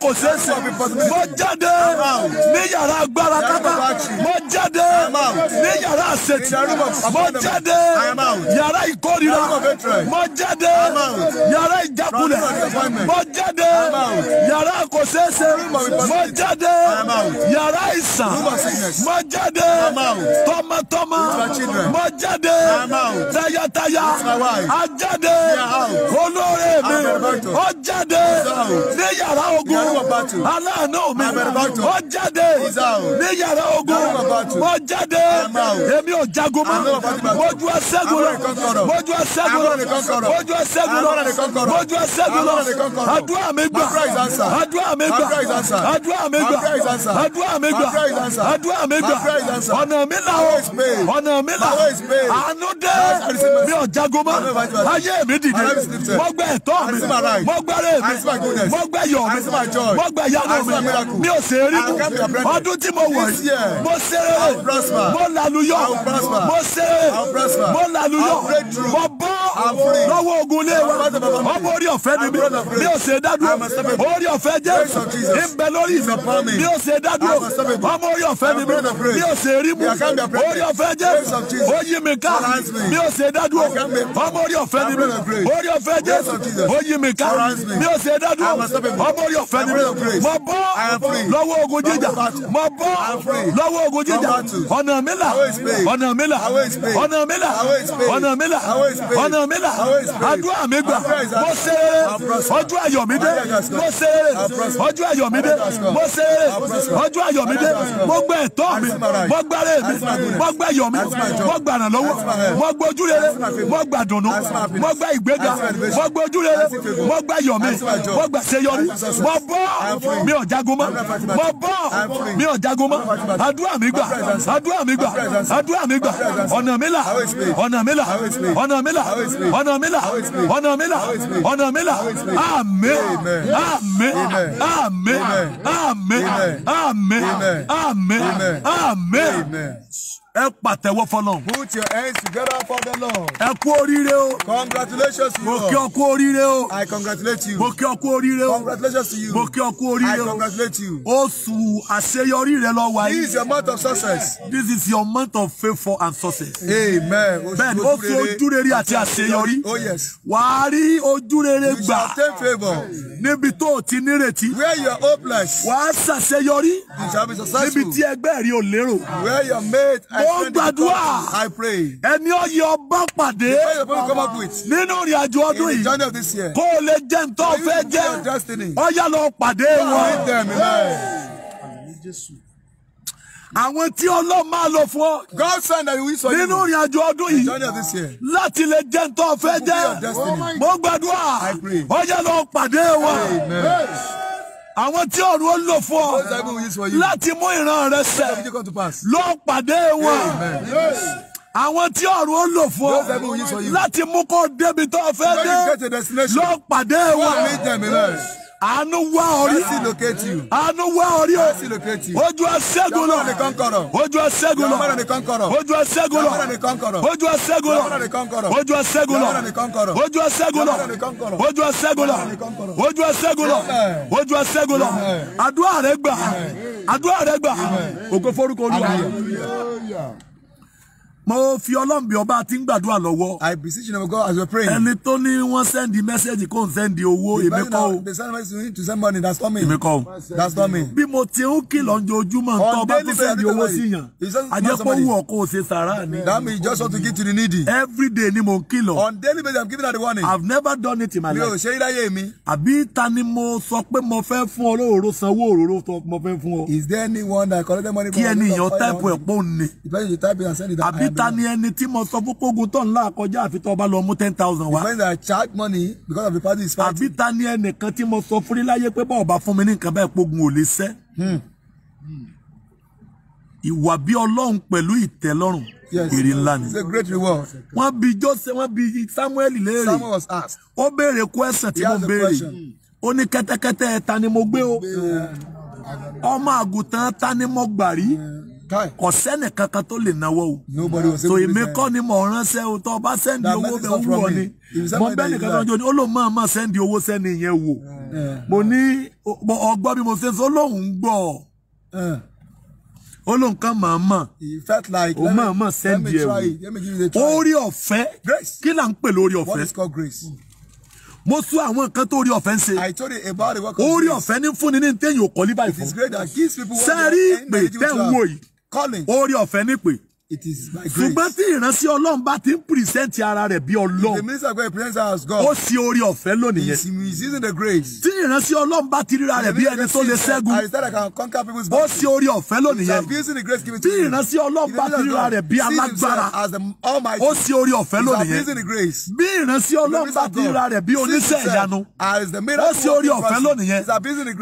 kò ṣeé ṣe mo jáde ní yàrá agbára kápá mo jáde ní yàrá àṣetì mo jáde yàrá ìkórira mo jáde yàrá jákulẹ̀ mo jáde yàrá kò ṣeéṣe jáde yàrá ìsàn mo jáde tọmọtọmọ mo jáde tayataya a olóore mi ó jáde ní yàrá ogun aláàánú mi ó jáde ní yàrá ogun mo jáde èmi ò jagun mọ́ mojú ẹsẹ̀ gùn lọ mojú ẹsẹ̀ gùn lọ mojú ẹsẹ̀ gùn lọ lójú ẹsẹ̀ mi lọ àdúrà mi gbà àdúrà mi gbà àdúrà mi gbà àdúrà mi gbà àdúrà mi gbà ọ̀nà mi là ó ọ̀nà mi là àánú dé mi ò jago mọ́ ayé mi dìde mo gbẹ ẹ̀tọ́ mi mo gbẹrẹ mi mo gbẹ yọ̀ mi mo gbẹ yanu mi mi ò sèré mu ọdún tí mo wọ̀ yìí mo sèré mo làlùyọ̀ mo sèré mo làlùyọ̀ mo bọ́ lọ́wọ́ ogun lé wa ọmọ orí ọ̀fẹ́ ni mi bí o ṣe dádúró orí ọ̀fẹ́ jésù ń lórí mi bí o ṣe dádúró ọmọ orí ọ̀fẹ́ mi bí o ṣe rí mu orí ọ̀fẹ́ jésù ó mi ká bí o ṣe dádúró ọmọ orí ọ̀fẹ́ ni mi orí ọ̀fẹ́ jésù ó mi ká bí o ṣe dádúró ọmọ orí ọ̀fẹ́ ni mi mo bọ́ lọ́wọ́ ogun jíjà mo bọ́ lọ́wọ́ ogun jíjà ọ̀nà mi là ọ̀nà mi là ọ̀nà mi là ọ̀nà mi là ọ̀nà mi là mi là àdúrà mi gbà mo ṣe ọjọ́ ayọ̀ mi dé mo ṣe ọjọ́ ayọ̀ mi dé mo ṣe ọjọ́ ayọ̀ mi dé mo gbẹ ẹ̀tọ́ mi mo gbára mi mo gbẹ ayọ̀ mi mo gbà ràn lọ́wọ́ mo gbẹ ojú rere mo gbà dùnnú mo gbẹ ìgbéga mo gbẹ ojú rere mo gbẹ ayọ̀ mi mo gbà ṣe yọrí mo bọ́ mi ò jagun mọ́ mo bọ́ mi ò jagun mọ́ àdúrà mi gbà àdúrà mi gbà àdúrà mi gbà ọ̀nà mi là ọ̀nà mi là ọ̀nà mi là. Honor ọ̀nà mi là ọ̀nà mi là ọ̀nà mi Amen. Amen. Amen. Amen. Amen. Amen. Amen. Amen. ẹ pàtẹ́wọ́ fọlọ́n. put your hands together for the Lord. ẹ kú oríire o. congratulations to you. mo kí ọ kú oríire o. I congratulate you. mo kí ọ kú oríire o. congratulations to you. mo kí ọ kú oríire o. I congratulate you. oṣù àṣeyọrí rẹ lọ wáyé. this is your month of success. this is your month of favour and success. amen. bẹ́ẹ̀ni ó fi ojúrere àti àṣeyọrí. oh yes. wàá rí ojúrere gbà. you shall obtain favour. níbi tó o ti nírètí. where you are hopeless. wàá ṣàṣeyọrí. you shall be successful. níbi tí ẹgbẹ́ rí o lérò. where your mate ó gbàdúrà. I pray. Ẹni ọyẹ ọba pàdé. The prayer will come up with. Nínú ìrìn àjò ọdún yìí. In the journey of this year. Kó o lè jẹ́ ntọ́ fẹ́ jẹ́. Ọyá lọ pàdé wọn. Meet them, amen àwọn tí ọlọ́run máa lò fún ọ. God send that we saw you. nínú ìrìn àjò ọdún yìí. journey of this year. láti lè jẹ́ ntọ́ fẹ́ jẹ́. mo gbàdúrà. I pray. ọjà lọ pàdé wọn. Amen. Yes àwọn tí ọ̀run ó lò fún ọ láti mú ìran rẹ ṣẹ ló pàdé wọn àwọn tí ọ̀run ó lò fún ọ láti mú kó débi tó fẹ́ dé ló pàdé wọn àánú wá orí. mercy locate you. àánú wá orí o. mercy locate you. ojú aṣẹ́gun lọ. yọmọ́rọ̀ nìkan kọ̀rọ̀. ojú aṣẹ́gun lọ. yọmọ́rọ̀ nìkan kọ̀rọ̀. ojú aṣẹ́gun lọ. yọmọ́rọ̀ nìkan kọ̀rọ̀. ojú aṣẹ́gun lọ. yọmọ́rọ̀ nìkan kọ̀rọ̀. ojú aṣẹ́gun lọ. yọmọ́rọ̀ nìkan kọ̀rọ̀. ojú aṣẹ́gun lọ. yọmọ́rọ̀ nìkan kọ̀rọ̀. ojú aṣẹ́gun lọ. ojú aṣẹ́gun lọ. ojú aṣẹ́gun lọ. àdúrà rẹ gbà. àdúrà rẹ gbà. ògo forúkọ Olúwa mo fi ọlọ́run ọba tí ń gbàdúrà lọ́wọ́. I beseech you, number God, as we are praying. ẹni tó ní wọ́n sẹ́ndì mẹ́sẹ́jì kó n sẹ́ndì owó èmi kọ́ o. the send message to somebody that's not me. èmi kọ́ o. that's not me. bí mo ti ń kìlọ̀ ojoojúmọ́ ntọ́ bá tó sẹ́ndì owó sí yàn àjẹpọ̀ wù ọ́ kó o ṣe sàrà ni. that means just want to give to the needy. every day ni mo ń kìlọ̀. on daily basis I'm giving out the warning. I've never done it in my life. mi ò ṣe iráyé mi. àbí ta ni mo sọ pé mo fẹ́ fún ọ lóòrò sanwó òróró tó mo fẹ́ fún ọ. is there anyone that collected money from me. kí ẹni yàn táìpù ẹ̀ pọ́ùn ni. the person you type in and send it down. àbí ta ni ẹni tí mo sọ fún kógun tó ńlá àkọjá àfi tó ọba lọ mú ten thousand wá. because I charge money because of the party is fighting. àbí ta ni ẹnìkan tí mo sọ fún láyé pé bọ́ọ̀ bá fún mi ní nǹkan báyìí kógun ò lè sẹ́. Hmm. ìwà bí ọlọ́run pẹ̀lú ìtẹ́lọ́rùn èrè ńlá ni. it's a great reward. wọ́n bi Joseph wọ́n bi Samuel léèrè. Samuel was asked. ó béèrè question tí mo béèrè. ó ní kẹ́tẹ́kẹ́tẹ́ ta ni mo gbé o. ọmọ àgùntàn ta ni mo gbà rí. Yeah kò sẹ́nì kankan tó lè náwó o so èmi kọ́ ni mò ń ránṣẹ́ o tó o bá sẹ́ndì owó bẹ́ẹ̀ ó wù ọ ni mo bẹ́ẹ̀ nìkan tó ń jò ní ó lòun máa máa sẹ́ndì owó sẹ́ni yẹn wò eh. mo ní ọgbọ́n bí mo ṣe ń sọ lóun gbọ́ eh. ó lóun kan màmá ó màmá sẹ́ndì ẹ̀ wò orí ọ̀fẹ́ kí là ń pè lórí ọ̀fẹ́ mo sọ àwọn nǹkan tó rí ọ̀fẹ́ ń ṣe orí ọ̀fẹ́ ní fúnni ní téèyàn kọ́ ní báyìí fún sẹ́rí ìpè tẹ́ ń wò yìí calling. oore ọ̀fẹ́ nípè it is by grace. ṣùgbọ́n tí ìránṣẹ́ ọlọ́run bá ti ń pìrìsẹ́ǹtì ara rẹ̀ bí ọlọ́run. the minister go present as God. ó sì orí ọ̀fẹ́ lónìí yẹn. he is using the grace. tí ìránṣẹ́ ọlọ́run bá ti ríra rẹ̀ bí ẹni tó lè ṣẹ́gun. I said I can conquer people's body. ó sì orí ọ̀fẹ́ lónìí yẹn. he is abusing the grace given to him. tí ìránṣẹ́ ọlọ́run bá ti ríra rẹ̀ bí alágbára. ó sì orí ọ̀fẹ́ lónìí yẹn. bí ìránṣẹ́ ọlọ́run bá ti ríra rẹ̀ bí oníṣẹ́ ìyanu. ó sì orí ọ̀fẹ́ lónìí yẹn.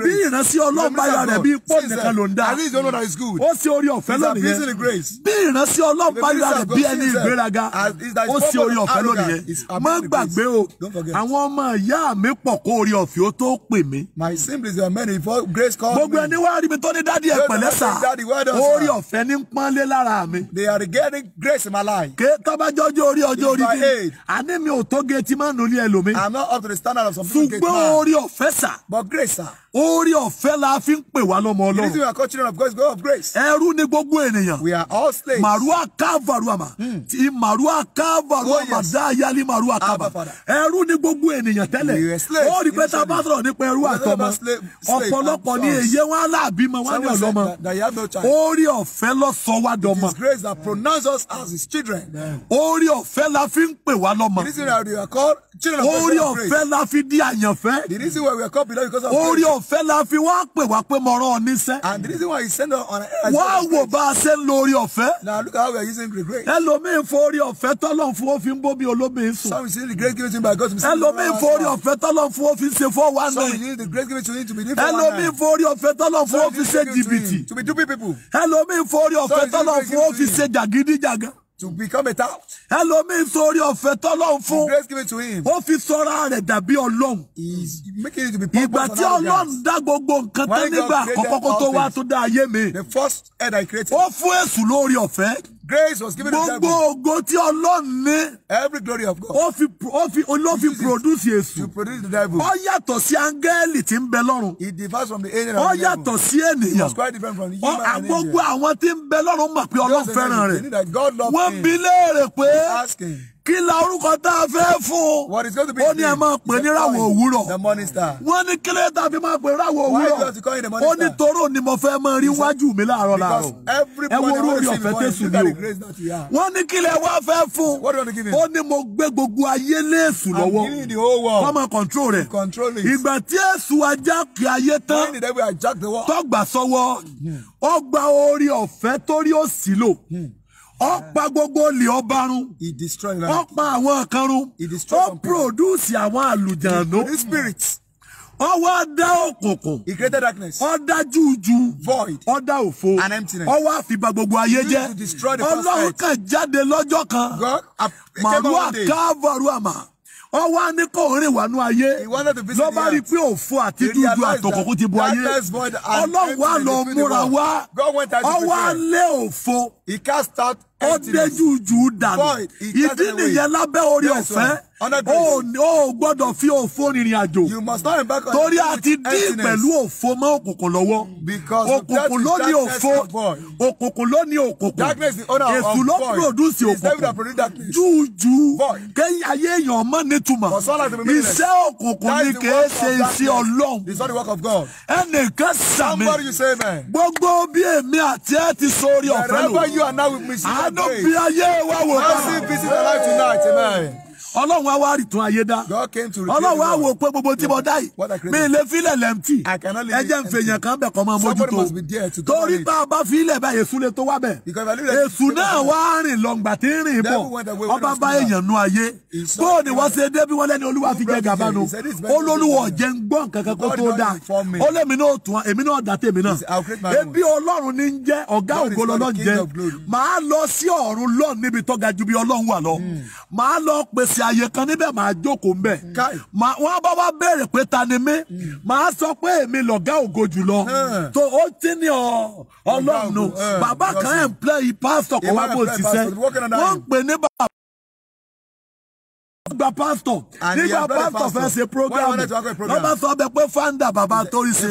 bí ìránṣẹ́ ọlọ́run bá ríra rẹ̀ bí pọ́ọ̀nù kan ló ń dá. ó sì orí ọ̀fẹ́ lónìí yẹn. bí ìránṣ tí ọlọ́run bá yára bí ẹni ìgbéraga ó sì orí ọ̀fẹ́ lónìí yẹn má gbàgbé o àwọn ọmọ ìyá mi pọ̀ kó orí ọ̀fẹ́ ó tó pè mí. my siblings were many before grace called me. gbogbo ẹni wá rí mi tó ní dádì ẹ pẹ̀lẹ́ sà orí ọ̀fẹ́ ní pọ́nlé lára mi. they are getting grace in my life. ké tọ́bajọ́ jẹ́ orí ọjọ́ orí mi àní mi ò tó géètì máa nù ní ẹlòmí. i'm not up to the standard of some people gate man. ṣùgbọ́n orí ọ̀fẹ́ sà. but grace sà. orí ọ̀fẹ́ la fi ń pè wá lọ́mọ ọlọ́run. the reason we are called of God God of grace. ẹrú ni gbogbo ènìyàn. we are all slaves. màrú marua kavaruama hmm. ti marua kavaruama oh, dá yálí marua ah, kava ẹrú ni gbogbo ènìyàn tẹ́lẹ̀ ó rí pé tá a bá sọ̀rọ̀ nípa ẹrú àtọmọ ọ̀pọ̀lọpọ̀ ni èyí wọn aláàbímọ wọn ní ọlọ́mọ orí ọ̀fẹ́ ló sọ wá dọmọ. His grace that pronounces us as his children. orí ọ̀fẹ́ la fi ń pè wá lọ́mọ. the reason why we are called children of God. orí ọ̀fẹ́ la fi di àyànfẹ́. the reason why we are called beloved because of God. orí ọ̀fẹ́ la fi wá pè wá pé mo rán ọ níṣẹ́. and the reason why he sent us on earth. wá wò bá a ṣe ń lo orí ọ̀fẹ́. now look How were you using regret? Ẹlòmíì forí ọ̀fẹ́ tọ́lọ̀ fún ó fi ń bómi olómi sùn. Some say the great given to him by God to be saved. Ẹlòmíì forí ọ̀fẹ́ tọ́lọ̀ fún ó fi ṣe fọ́ wa náà. Some say the great given to him to be different. for one night. Ẹlòmíì forí ọ̀fẹ́ tọ́lọ̀ fún ó fi ṣe jìbìtì. To be two people. Ẹlòmíì forí ọ̀fẹ́ tọ́lọ̀ fún ó fi ṣe jàgídíjàgan to become a tout. ẹlòmíì sórí ọ̀fẹ́ tọ́lọ́run fún. the Give it to him. ó fi sọ́ra rẹ̀ dàbí ọlọ́run. he is making it to be purpose. ìgbà tí ọlọ́run dá gbogbo nǹkan tán nígbà àkọ́kọ́ tó wá tó dá ayé mi. the first head I created. ó fún èṣù lórí ọ̀fẹ́. Grace was given to Gbogbo ògo tí Ọlọ́run ní. Every glory of God. Ó fi ó fi olófin produce Jésù. To produce the devil. Ó yàtọ̀ sí áńgẹ́lì tí ń bẹ lọ́run. It differs from the angel of the devil. Ó yàtọ̀ sí ènìyàn. It was quite different from the human and angel. Gbogbo àwọn tí ń bẹ lọ́run mọ̀ pé Ọlọ́run fẹ́ràn rẹ̀. Wọ́n bi léèrè pé kí la orúkọ tá a fẹ́ fún. the name. ó ní ẹ máa pè ní ìràwọ̀ òwúrọ̀. wọ́n ní kílẹ̀ tá máa pè ìràwọ̀ òwúrọ̀. why does he call the morning star. ó ní toró ni mo fẹ́ máa rí wájú mi láàárọ̀ láàárọ̀. because every morning we see the morning star you have. wọ́n ní kílẹ̀ wá fẹ́ fún. what do you want to give him. ó ní mo gbé gbogbo ayé lé lọ́wọ́. I'm giving the whole world. wọ́n máa control rẹ̀. control it. ìgbà tí èṣù ajá kì ayé tán. did they be the world. tọ́gbà sọ́wọ́ ọgbà hmm. orí ọ̀fẹ́ torí ó sì lò. Hmm ó pa gbogbo olè ọba run ó pa àwọn kan run ó produce àwọn àlùjànnú ó wá dá òkùnkùn ó dá jújú ó dá òfo ó wá fi ba gbogbo ayé jẹ́ ọlọ́run kan jáde lọ́jọ́ kan màlúù àkàbọ̀rù àmà ọ wá ní kò rìn wá nú ayé lọ bá rí i pé òfo àti dúdú àtọkọkọ ti bu ayé ọlọ́run wá lọ múra wá ọ wá lé òfo. He cast out ó déjú jù ú dànù ìdí nìyẹn lábẹ́ orí ọ̀fẹ́ ó gbọ́dọ̀ fi òfo rìnrìn àjò torí a ti dín pẹ̀lú òfo mọ́ òkùnkùn lọ́wọ́ òkùnkùn ló ní òfo òkùnkùn ló ní òkùnkùn èṣù ló pòdùsì òkùnkùn júùjú kéyìn ayé èèyàn mọ́ nítumọ̀ iṣẹ́ òkùnkùn ni kìí ṣe iṣẹ́ ọlọ́run ẹnìkan sàmì gbogbo bí èmi àti ẹ ti sọ orí ọ̀fẹ́ lò. Àánú fi ayé wa wò. Mercy visit your life tonight, amen ọlọ́run á wá rìtún ayé dá ọlọ́run á wò pé gbogbo tí mo dá yìí mi lè filẹ̀ lẹ́mtì ẹjẹ́ nfẹ̀yàn kan bẹ̀ kọ́ máa mójútó torí bá a bá filẹ̀ bá èṣù lè tó wá bẹ̀ èṣù náà wá rìn lọ́ngbà tí ń rìn bọ̀ ọba bá èèyàn nú ayé bóò ni wọ́n ṣe dé bí wọ́n lẹ́ni olúwa fi jẹ gàba nu olólùwọ̀ jẹ́ ń gbọ́n kankan kó tó dáa ó lé mi náà tún èmi náà dà tèmi náà ebi ọlọ́run ní ń jẹ́ ọ̀gá ògo lọ́lọ́ ń jẹ́ màá lọ sí ọ̀run lọ́ọ̀ níbi tó ju bí ọlọ́run wà lọ hmm. màá lọ pèsè àyè kan níbẹ̀ máa jókòó ń bẹ̀ wọ́n bá wá béèrè pé ta ni mí máa hmm. sọ pé èmi lọ̀gá ògo jùlọ tó hmm. ó ti ní ọlọ́run hmm. bàbá kan ẹ̀ pásítọ̀ kan wá bó ṣiṣẹ́ wọ́n ń pè ní bàbá gba pastor nígbà pastor fẹ́ ṣe program wọ́n bá sọ bẹ pé founder baba torí ṣe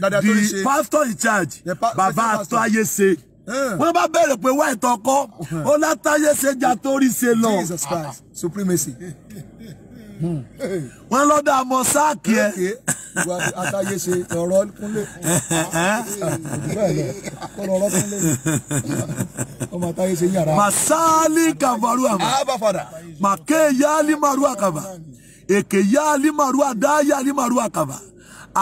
the pastor in charge baba tó ayé ṣe. Hmm. wọ́n bá bẹ̀rẹ̀ pé wá ìtọ́kọ́ ó látàyè ṣe jà torí ṣe lọ. Jesus Christ supremacy. Hmm. wọ́n lọ́dọ̀ àmọ́ sáàkì ẹ̀. àtàyè ṣe ọ̀rọ̀ kúnlé. ọ̀rọ̀ kúnlé. ọmọ àtàyè ṣe yàrá. màsáálì kàbàrú àmà. àbáfàdà. Ah, màkè yálì màrú Eke èkè yálì màrú àdá yálì màrú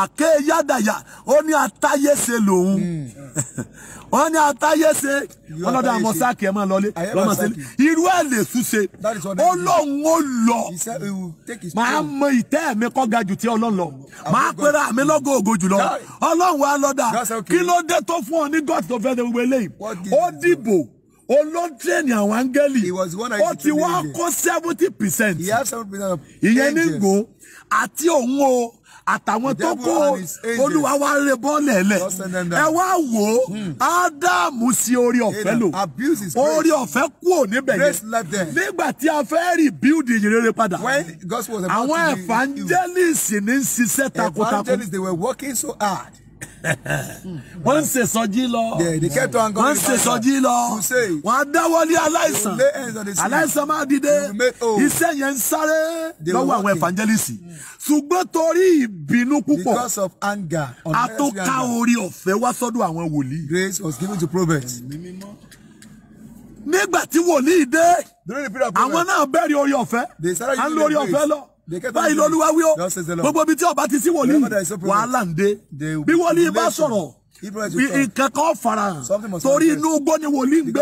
àké yádàyà ó ní atáyése lòun hmm. ó ní atáyése ọlọ́dà àmọ́ sáàkì ẹ̀ máa lọlé lọ́mọ sílé irú ẹ̀ lè súnṣe ó lóun ó lọ máa mọ ìtẹ́ mi kọ́ ga jù tí ọlọ́run lọ máa pera mi lọ́gọ̀ ògo jùlọ ọlọ́run wa lọ́dà kí ló dé tó fún ọ ní gọ́ọ̀tì tó fẹ́ẹ́ gbogbo eléyìí ó dìbò olóńtẹ́ẹ̀nì àwọn áńgẹ́lì ó ti wá kó seventy percent ìyẹn ní gùn àti òun o àtàwọn tó kó olúwa wa rẹ bọ́ọ̀lẹ̀ lẹ̀ ẹ wá wò ó hmm. ádámù sí orí ọ̀fẹ́ lò orí ọ̀fẹ́ kúò níbẹ̀ yẹn nígbà tí a fẹ́ rebuild ìyìn rere padà àwọn evangelist ní ń ṣiṣẹ́ takuntakun wọ́n ń ṣèsọjí lọ wọ́n ń ṣèsọjí lọ wọ́n á dáwọ́lé aláìsàn aláìsàn máa dìde iṣẹ́ yẹn ń sáré lọ́wọ́ àwọn evangelist ṣùgbọ́n torí ìbínú púpọ̀ àtúkà orí ọ̀fẹ́ wá sọ́dọ̀ àwọn wòlíì. grace was given to prophets nígbà tí wòlíì dé àwọn náà bẹ̀rẹ̀ orí ọ̀fẹ́ à ń lórí ọ̀fẹ́ lọ báyìí lọ́lúwa wí ó gbogbo ibi tí ọba ti sí wòlíì wàhálà ń dé bí wòlíì bá sọ̀rọ̀ nǹkan kan fara hàn torí inú ugbó ni wòlíì ń gbé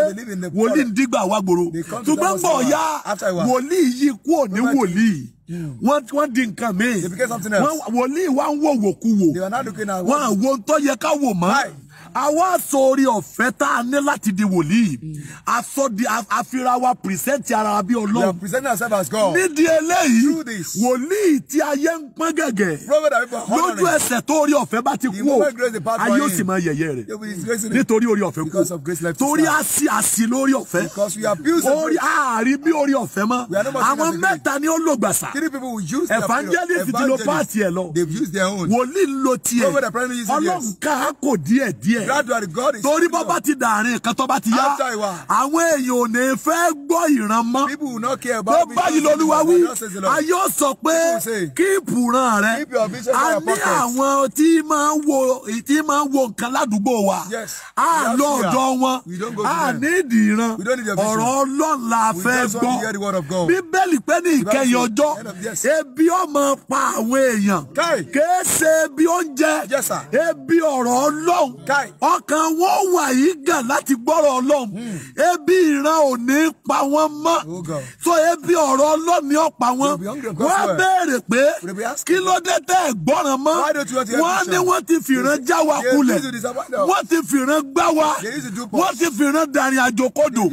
wòlíì ń dígbà wá gbòòrò ṣùgbọ́n gbọ̀ ya wòlíì yìí kú òní wòlíì hmm. wọ́n di nǹkan míì wòlíì wa ń wò wòkúwò wọ́n àwọn tó yẹ ká wò mọ́ àwa sọ orí ọ̀fẹ́ tá a ní láti di wòlíì asọ́di àfirawa pìrìsẹ́ǹtì ara bí ọlọ́run nídìí eléyìí wòlíì tí ayé ń pọ́n gẹ̀gẹ̀ lójú ẹsẹ̀ tó orí ọ̀fẹ́ bá ti kú o ayé ó sì máa yẹ̀yẹ́ rẹ̀ nítorí orí ọ̀fẹ́ kú torí a sì àsì lórí ọ̀fẹ́ orí ààrí bí orí ọ̀fẹ́ mọ́ àwọn mẹ́ta ni ó lò gbàsà evangelist ti lo páàtì ẹ̀ lọ wòlíì ń lo tiẹ̀ ọlọ́run ká kò díẹ̀ díẹ̀ bẹ̀rẹ̀ torí bọ́ bá ti dàrin nǹkan tó bá ti yá àwọn èèyàn ò ní fẹ́ gbọ́ ìran mọ́ tó báyìí lolúwa wí a yóò sọ pé kíìpù ran rẹ a ní àwọn tí máa ń wo tí máa ń wo nǹkan ládùúgbò wa a lọ ọ̀dọ̀ wọn a ní ìdí ìran ọ̀rọ̀ ọlọ́run la fẹ́ gbọ́ bíbélì pé ní ìkẹyìn ọjọ́ ebi ọmọ pa àwọn èèyàn kèé ṣe ebi oúnjẹ ebi ọ̀rọ̀ ọlọ́run ọkàn wọn wà yìí gàn láti gbọ́rọ̀ ọlọ́run hmm. ebi ìran ò ní pa wọ́n mọ́ oh so ebi ọ̀rọ̀ ọlọ́run ni ó pa wọ́n wọ́n béèrè pé kí ló dé tẹ́ ẹ̀ gbọ́ràn mọ́ wọ́n ní wọ́n ti fìran já wa kulẹ̀ wọ́n ti fìran gbá wa wọ́n ti fìran dàrin àjò kodò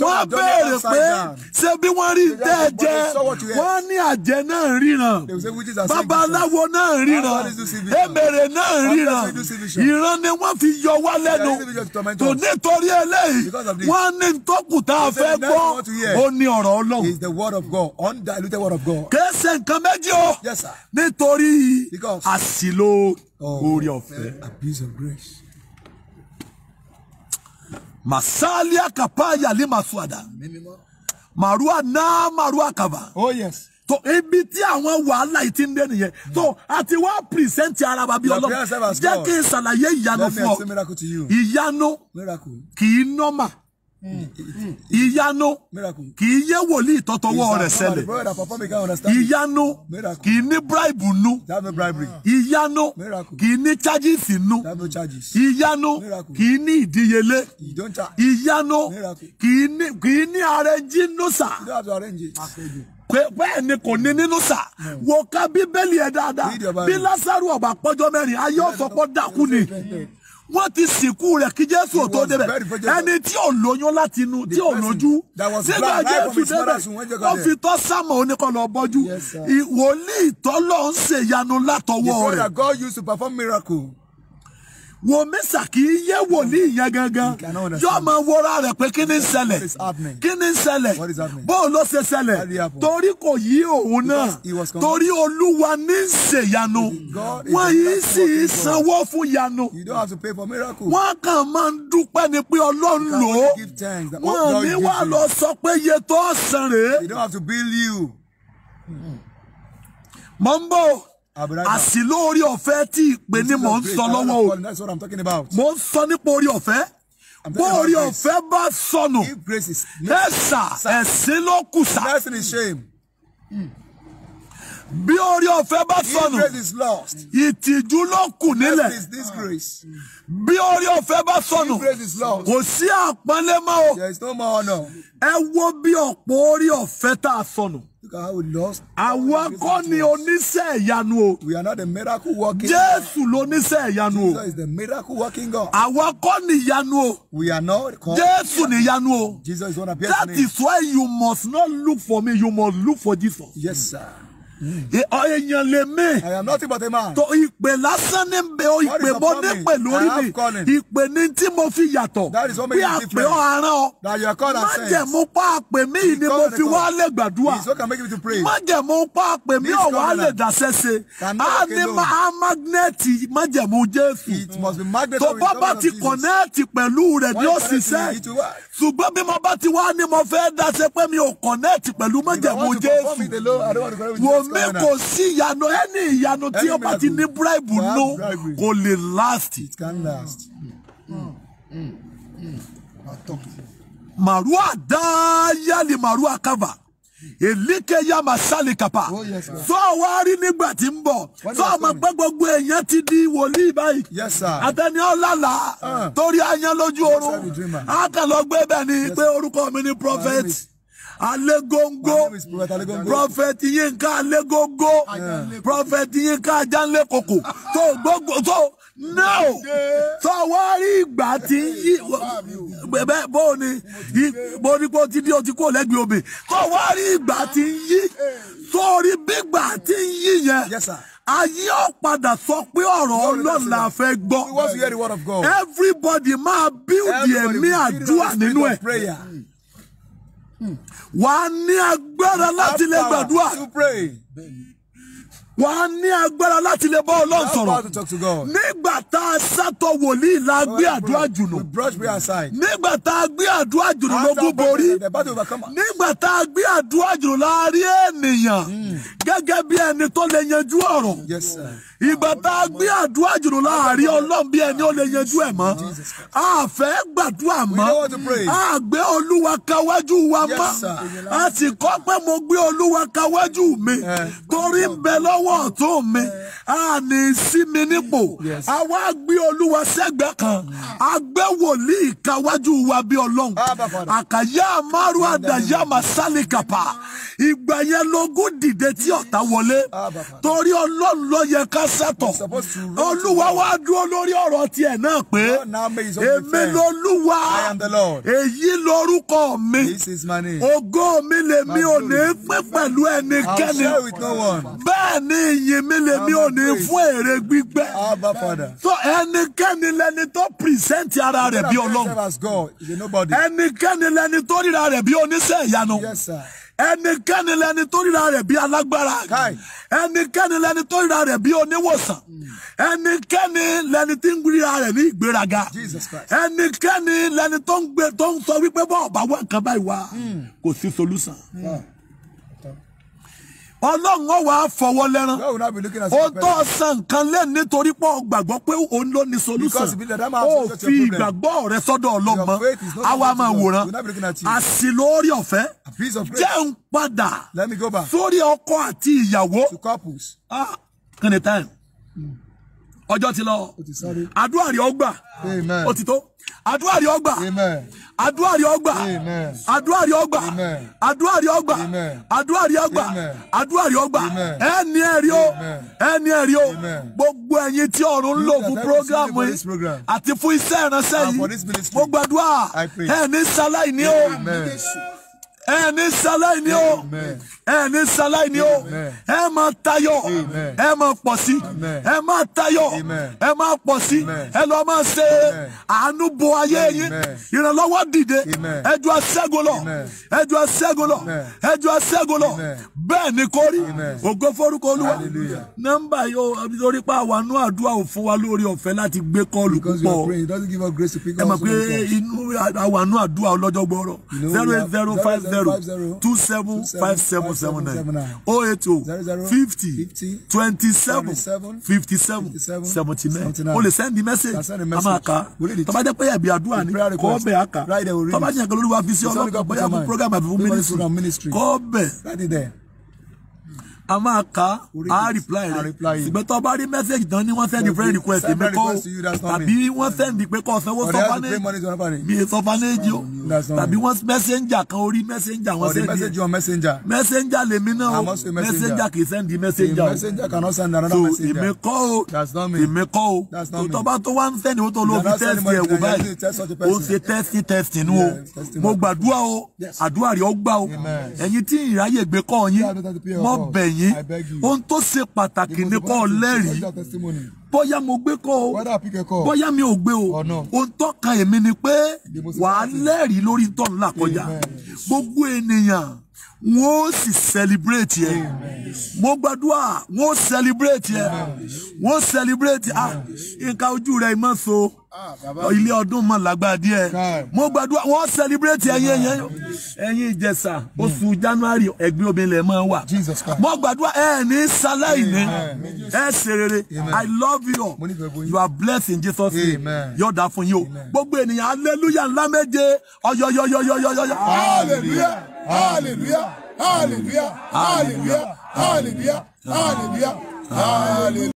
wọ́n béèrè pé ṣé bí wọ́n rí tẹ́ ẹ jẹ wọ́n ní àjẹ náà ríran babaláwo náà ríran emèrè náà ríran ìran ni wọ́n fi y yọ wá lẹ́nu tó nítorí eléyìí wọ́n ní ntọ́kùtà fẹ́ gbọ́ ó ní ọ̀rọ̀ Ọlọ́run. is the word of God undiluted word of God. kèsè nǹkan méjì o nítorí àsìlò oore ọ̀fẹ́. masalia kapaya limasuada marua na marua kaba. oh yes tó ibi tí àwọn wàhálà yìí ti ń dé nìyẹn tó àti wá pìrìsẹ́ǹtì ara wa bí ọlọ́run jẹ́ kí n ṣàlàyé ìyanu fún ọ ìyanu kì í nọ́mà ìyanu kì í yé wòlíì tọ́tọwọ́ rẹ̀ ṣẹlẹ̀ ìyanu kì í ní bíráìbù nú ìyanu kì í ní chájìsì nú ìyanu kì í ní ìdíyelé ìyanu kì í ní arẹjínúsà bẹ́ẹ̀ ni kò ní nínú sà hmm. wò ká bíbélì ẹ̀ dáadáa bí lásàrò ọ̀bà pọ́jọ́ mẹ́rin ayé ọ̀sọ́pọ̀ dákú ni wọ́n ti sìnkú rẹ̀ kí jésù tó débẹ̀ ẹni tí ò lóyún láti inú tí ò lójú nígbà jésù débẹ̀ ó fi tọ́ sámọ̀ oníkọ̀lọ̀ bọ́jú ìwòlíì tọ́lọ́ ń ṣèyanu látọwọ́ rẹ̀ wo mísà kì í yé wòlíì yẹn gangan yóò máa wọra rẹ̀ pé kí ni ń ṣẹlẹ̀ kí ni ń ṣẹlẹ̀ bóun ló ṣe ṣẹlẹ̀ torí kò yí òun náà torí olúwa ní í ṣèyanu wọ́n yìí sì í sanwó fún yanu wọ́n kàn máa ń dúpẹ́ ni pé ọlọ́run lò ó wọ́n ní wàá lọ sọ pé iye tó sàn rèé. mo ń bọ̀ àsìlò orí ọ̀fẹ́ tí ìpè ni mò ń sọ lọ́wọ́ o mò ń sọ nípa orí ọ̀fẹ́ bó orí ọ̀fẹ́ bá sọnù ẹ̀sà ẹ̀sìn ló kù bí orí ọ̀fẹ́ bá sọnù ìtìjú ló kù nílẹ̀ bí orí ọ̀fẹ́ bá sọnù kò sí àpọ́nlé mọ́ o ẹ wo bí ọ̀pọ̀ orí ọ̀fẹ́ tá a sọnù. Àwa kọ́ ni oníṣẹ́ ìyanu o. We are not the miracle working God. ìyanu o. Jesus is the miracle working God. ni ìyanu o. Jésù ni ìyanu o. That is why you must not look for me, you must look for Jesus. Yes, èèyàn lè mí. I am nothing but a man. tó ìpè lásán ní bẹ o ìpè mo ní pè lórí mi ìpè ní tí mo fi yàtọ̀ bí àpè ọ aràn ọ má jẹ̀mú pa àpè mí ni mo fi wá lè gbàdúrà má jẹ̀mú pa àpè mí ọ̀ wá lè dàṣẹ́ ṣe á ní máa magnẹ́tì má jẹ̀mú Jésù tó bá bá ti kọ̀nẹ́ẹ̀tì pẹ̀lú rẹ̀ ni ó ṣiṣẹ́ ṣùgbọ́n bí mo bá ti wá ni mo fẹ́ dàṣẹ́ pé mi ò kọ̀nẹ́ẹ̀tì pẹ̀lú má jẹ̀mú Jésù wo èmi kò si ìyanu ẹni ìyanu ti ní pati nù kò lè last. It can last. Mm. Mm. Marua dayali marua kava èlíkẹ ya máa sálì kàpà tó wá rí nígbà tí ń bọ̀ tó àmọ́ pé gbogbo èèyàn ti di woli báyìí àtẹni ọlọ́lá ah. tori ayan loju oorun á kàn lọ gbé bẹ́ẹ̀ ni mi ni prophet. Alegongo prophet Yinka Alegongo prophet Yinka Ajanlekoko tó gbogbo tó no tó wá rí ìgbà tí bẹ́ẹ̀ bó ni bó ní kó ti dé o ti kó lẹ́gbẹ̀ẹ́ omi tó wá rí ìgbà tí ń yí tó rí bígbà tí ń yí yẹn. Yes, sir ayé ọ̀padà sọ pé ọ̀rọ̀ Ọlọ́run la fẹ́ gbọ́ everybody máa build ẹ̀mí àdúrà nínú ẹ̀ wà á ní agbára láti lè gbàdúrà wọ́n á ní agbára láti lè bá ọlọ́run sọ̀rọ̀. nígbà tá a sátọ wòlíì la gbé àdúrà jùlọ. nígbà tá a gbé àdúrà jùlọ lógún borí. nígbà tá a gbé àdúrà jùlọ la rí ènìyàn hmm. gẹ́gẹ́ bí ẹni tó lè yanjú ọ̀rọ̀. ìgbà tá a gbé àdúrà jùlọ la rí ọlọ́run bí ẹni ó lè yanjú ẹ̀ mọ́. a fẹ́ gbàdúrà mọ́. a gbé olúwa kawájú wa mọ́. a sì kọ́ pé mo gbé olúwa kawájú mi eh. torí ń bẹ lọ́wọ́ lọ́wọ́ ọ̀tún mi àní sí mi nípò àwa gbé olúwa sẹ́gbẹ́ kan agbẹ́ wòlíì kawájú wa bí ọlọ́run ah, àkàyà márùn àdàyà màsálì kàpà ìgbà yẹn lógún dìde tí ọ̀tá wọlé ah, torí ọlọ́run ló yẹ ká sẹ́tọ̀ olúwa wá dúró lórí ọ̀rọ̀ tiẹ̀ náà pé oh, èmi lolúwa èyí lorúkọ mi ògo mi lèmi ò ní pín pẹ̀lú ẹnikẹ́ni bẹ́ẹ̀ ni ní ìyìn mi lèmi ò ní fún èrè gbígbẹ́. so ẹnikẹ́ni lẹni tó pìrìsẹ́ǹtì ara rẹ̀ bí ọlọ́run ẹnikẹ́ni lẹni tó ríra rẹ̀ bí oníṣẹ́ ìyanu ẹnikẹ́ni lẹni tó ríra rẹ̀ bí alágbára ẹnikẹ́ni lẹni tó ríra rẹ̀ bí oníwòsàn hmm. ẹnikẹ́ni lẹni tí ń ríra rẹ̀ ní ìgbéraga ẹnikẹ́ni lẹni tó ń sọ wípé bọ́ọ̀ bá wà nǹkan báyìí wá hmm. kò sí solúsàn. Mm. Yeah ọlọ́run ó wá fọwọ́ lẹ́rán ó tọ́ san nǹkan lẹ́nu nítorí pọ̀ gbàgbọ́ pé òun ló ní solution ó fi ìgbàgbọ́ rẹ sọ́dọ̀ ọlọ́mọ àwa máa wòran àsìlò orí ọ̀fẹ́ jẹun padà sórí ọkọ àti ìyàwó. Ah, kind time ọjọ́ ti lọ àdúrà rí ọgbà ó ti tó àdúrà rí ọgbà àdúrà rí ọgbà àdúrà rí ọgbà àdúrà rí ọgbà àdúrà rí ọgbà àdúrà rí ọgbà ẹni ẹ̀rí o ẹni ẹ̀rí o gbogbo ẹ̀yin tí ọ̀run ń lò fún programu yìí àti fún iṣẹ́ ìránṣẹ́ yìí mo gbàdúrà ẹni sáláì ní o ẹ ní sáláì ní o ẹ ní sáláì ní o ẹ máa tayọ ẹ máa pọ̀ sí ẹ máa tayọ ẹ máa pọ̀ sí ẹ lọ máa ṣe àánú bo ayé yín ìrànlọ́wọ́ dìde ẹjọ́ aṣẹ́gun lọ ẹjọ́ aṣẹ́gun lọ ẹjọ́ aṣẹ́gun lọ bẹ́ẹ̀ ni kò rí ògo forúkọ olúwa nọ́mbà yóò lórí pa àwọn àánú àdúrà ò fún wa lórí ọ̀fẹ́ láti gbé kọ́ọ̀lù púpọ̀ ẹ mọ̀ pé inú àwọn àánú àdúrà ọlọ́jọ́ gbọ́rọ̀ zero eight zero five zero zero two seven five seven seven nine oh eight oh fifty twenty seven fifty seven seventy nine o lè send the message a máa ka tọ́ba jẹ́ pé ẹ̀bí àdúrà ni kọ́ bẹ̀ á kà tọ́ba jẹ́ pé olúwa fi sí ọlọ́kùnrin bóyá fún program àbí fún ministry kọ́ bẹ̀ a máa ka a reply rẹ ṣùgbọ́n tó bá rí message tán ni wọ́n send friend request mi kọ́ tàbí wọ́n send pé kọ́ sanwó sọfanéjì mi è sọfanéjì o tàbí wọ́n messenger kan orí messenger wọ́n send e. messenger messenger lèmi náà o messenger kì í send messenger o so èmi kọ́ o èmi kọ́ o tó tọ́ bá tó wá ń send o tó lọ fi test ẹ̀ wò báyìí o ṣe testing testing nu o mo gbàdúrà o àdúrà rẹ̀ ọ gbà o ẹ̀yin tí ìráyè gbé kọ́ yín mọ́ bẹ̀yìn yín ohun tó ṣe pàtàkì ni kó lẹ́rìí bóyá mo gbé kọ́ o bóyá mi ò gbé o ohun tó kan èmi ni pé wàá lẹ́rìí lórí tó ń kọjá gbogbo ènìyàn wọ́n ó sì celebrate yẹ mo gbàdúrà wọ́n ó celebrate yẹ wọ́n ó celebrate ah nǹkan ojú rẹ̀ ìmọ̀ so. Ah, ilé ọdún mọ̀ lágbára díẹ̀ mo gbàdúrà wọ́n sẹlibireti ẹ̀yin ẹ̀yin ẹ̀yin ìjẹsà oṣù january ẹgbẹ́ obìnrin lẹ̀ máa wà mo gbàdúrà ẹ̀ ní sáláìní ẹ̀ ṣe rere i love you you are blessed in jesus name yóò dá fún yín o gbogbo ènìyàn hallelujah ńlá méje ọyọyọyọyọyọyọ. hallelujah hallelujah hallelujah hallelujah hallelujah hallelujah.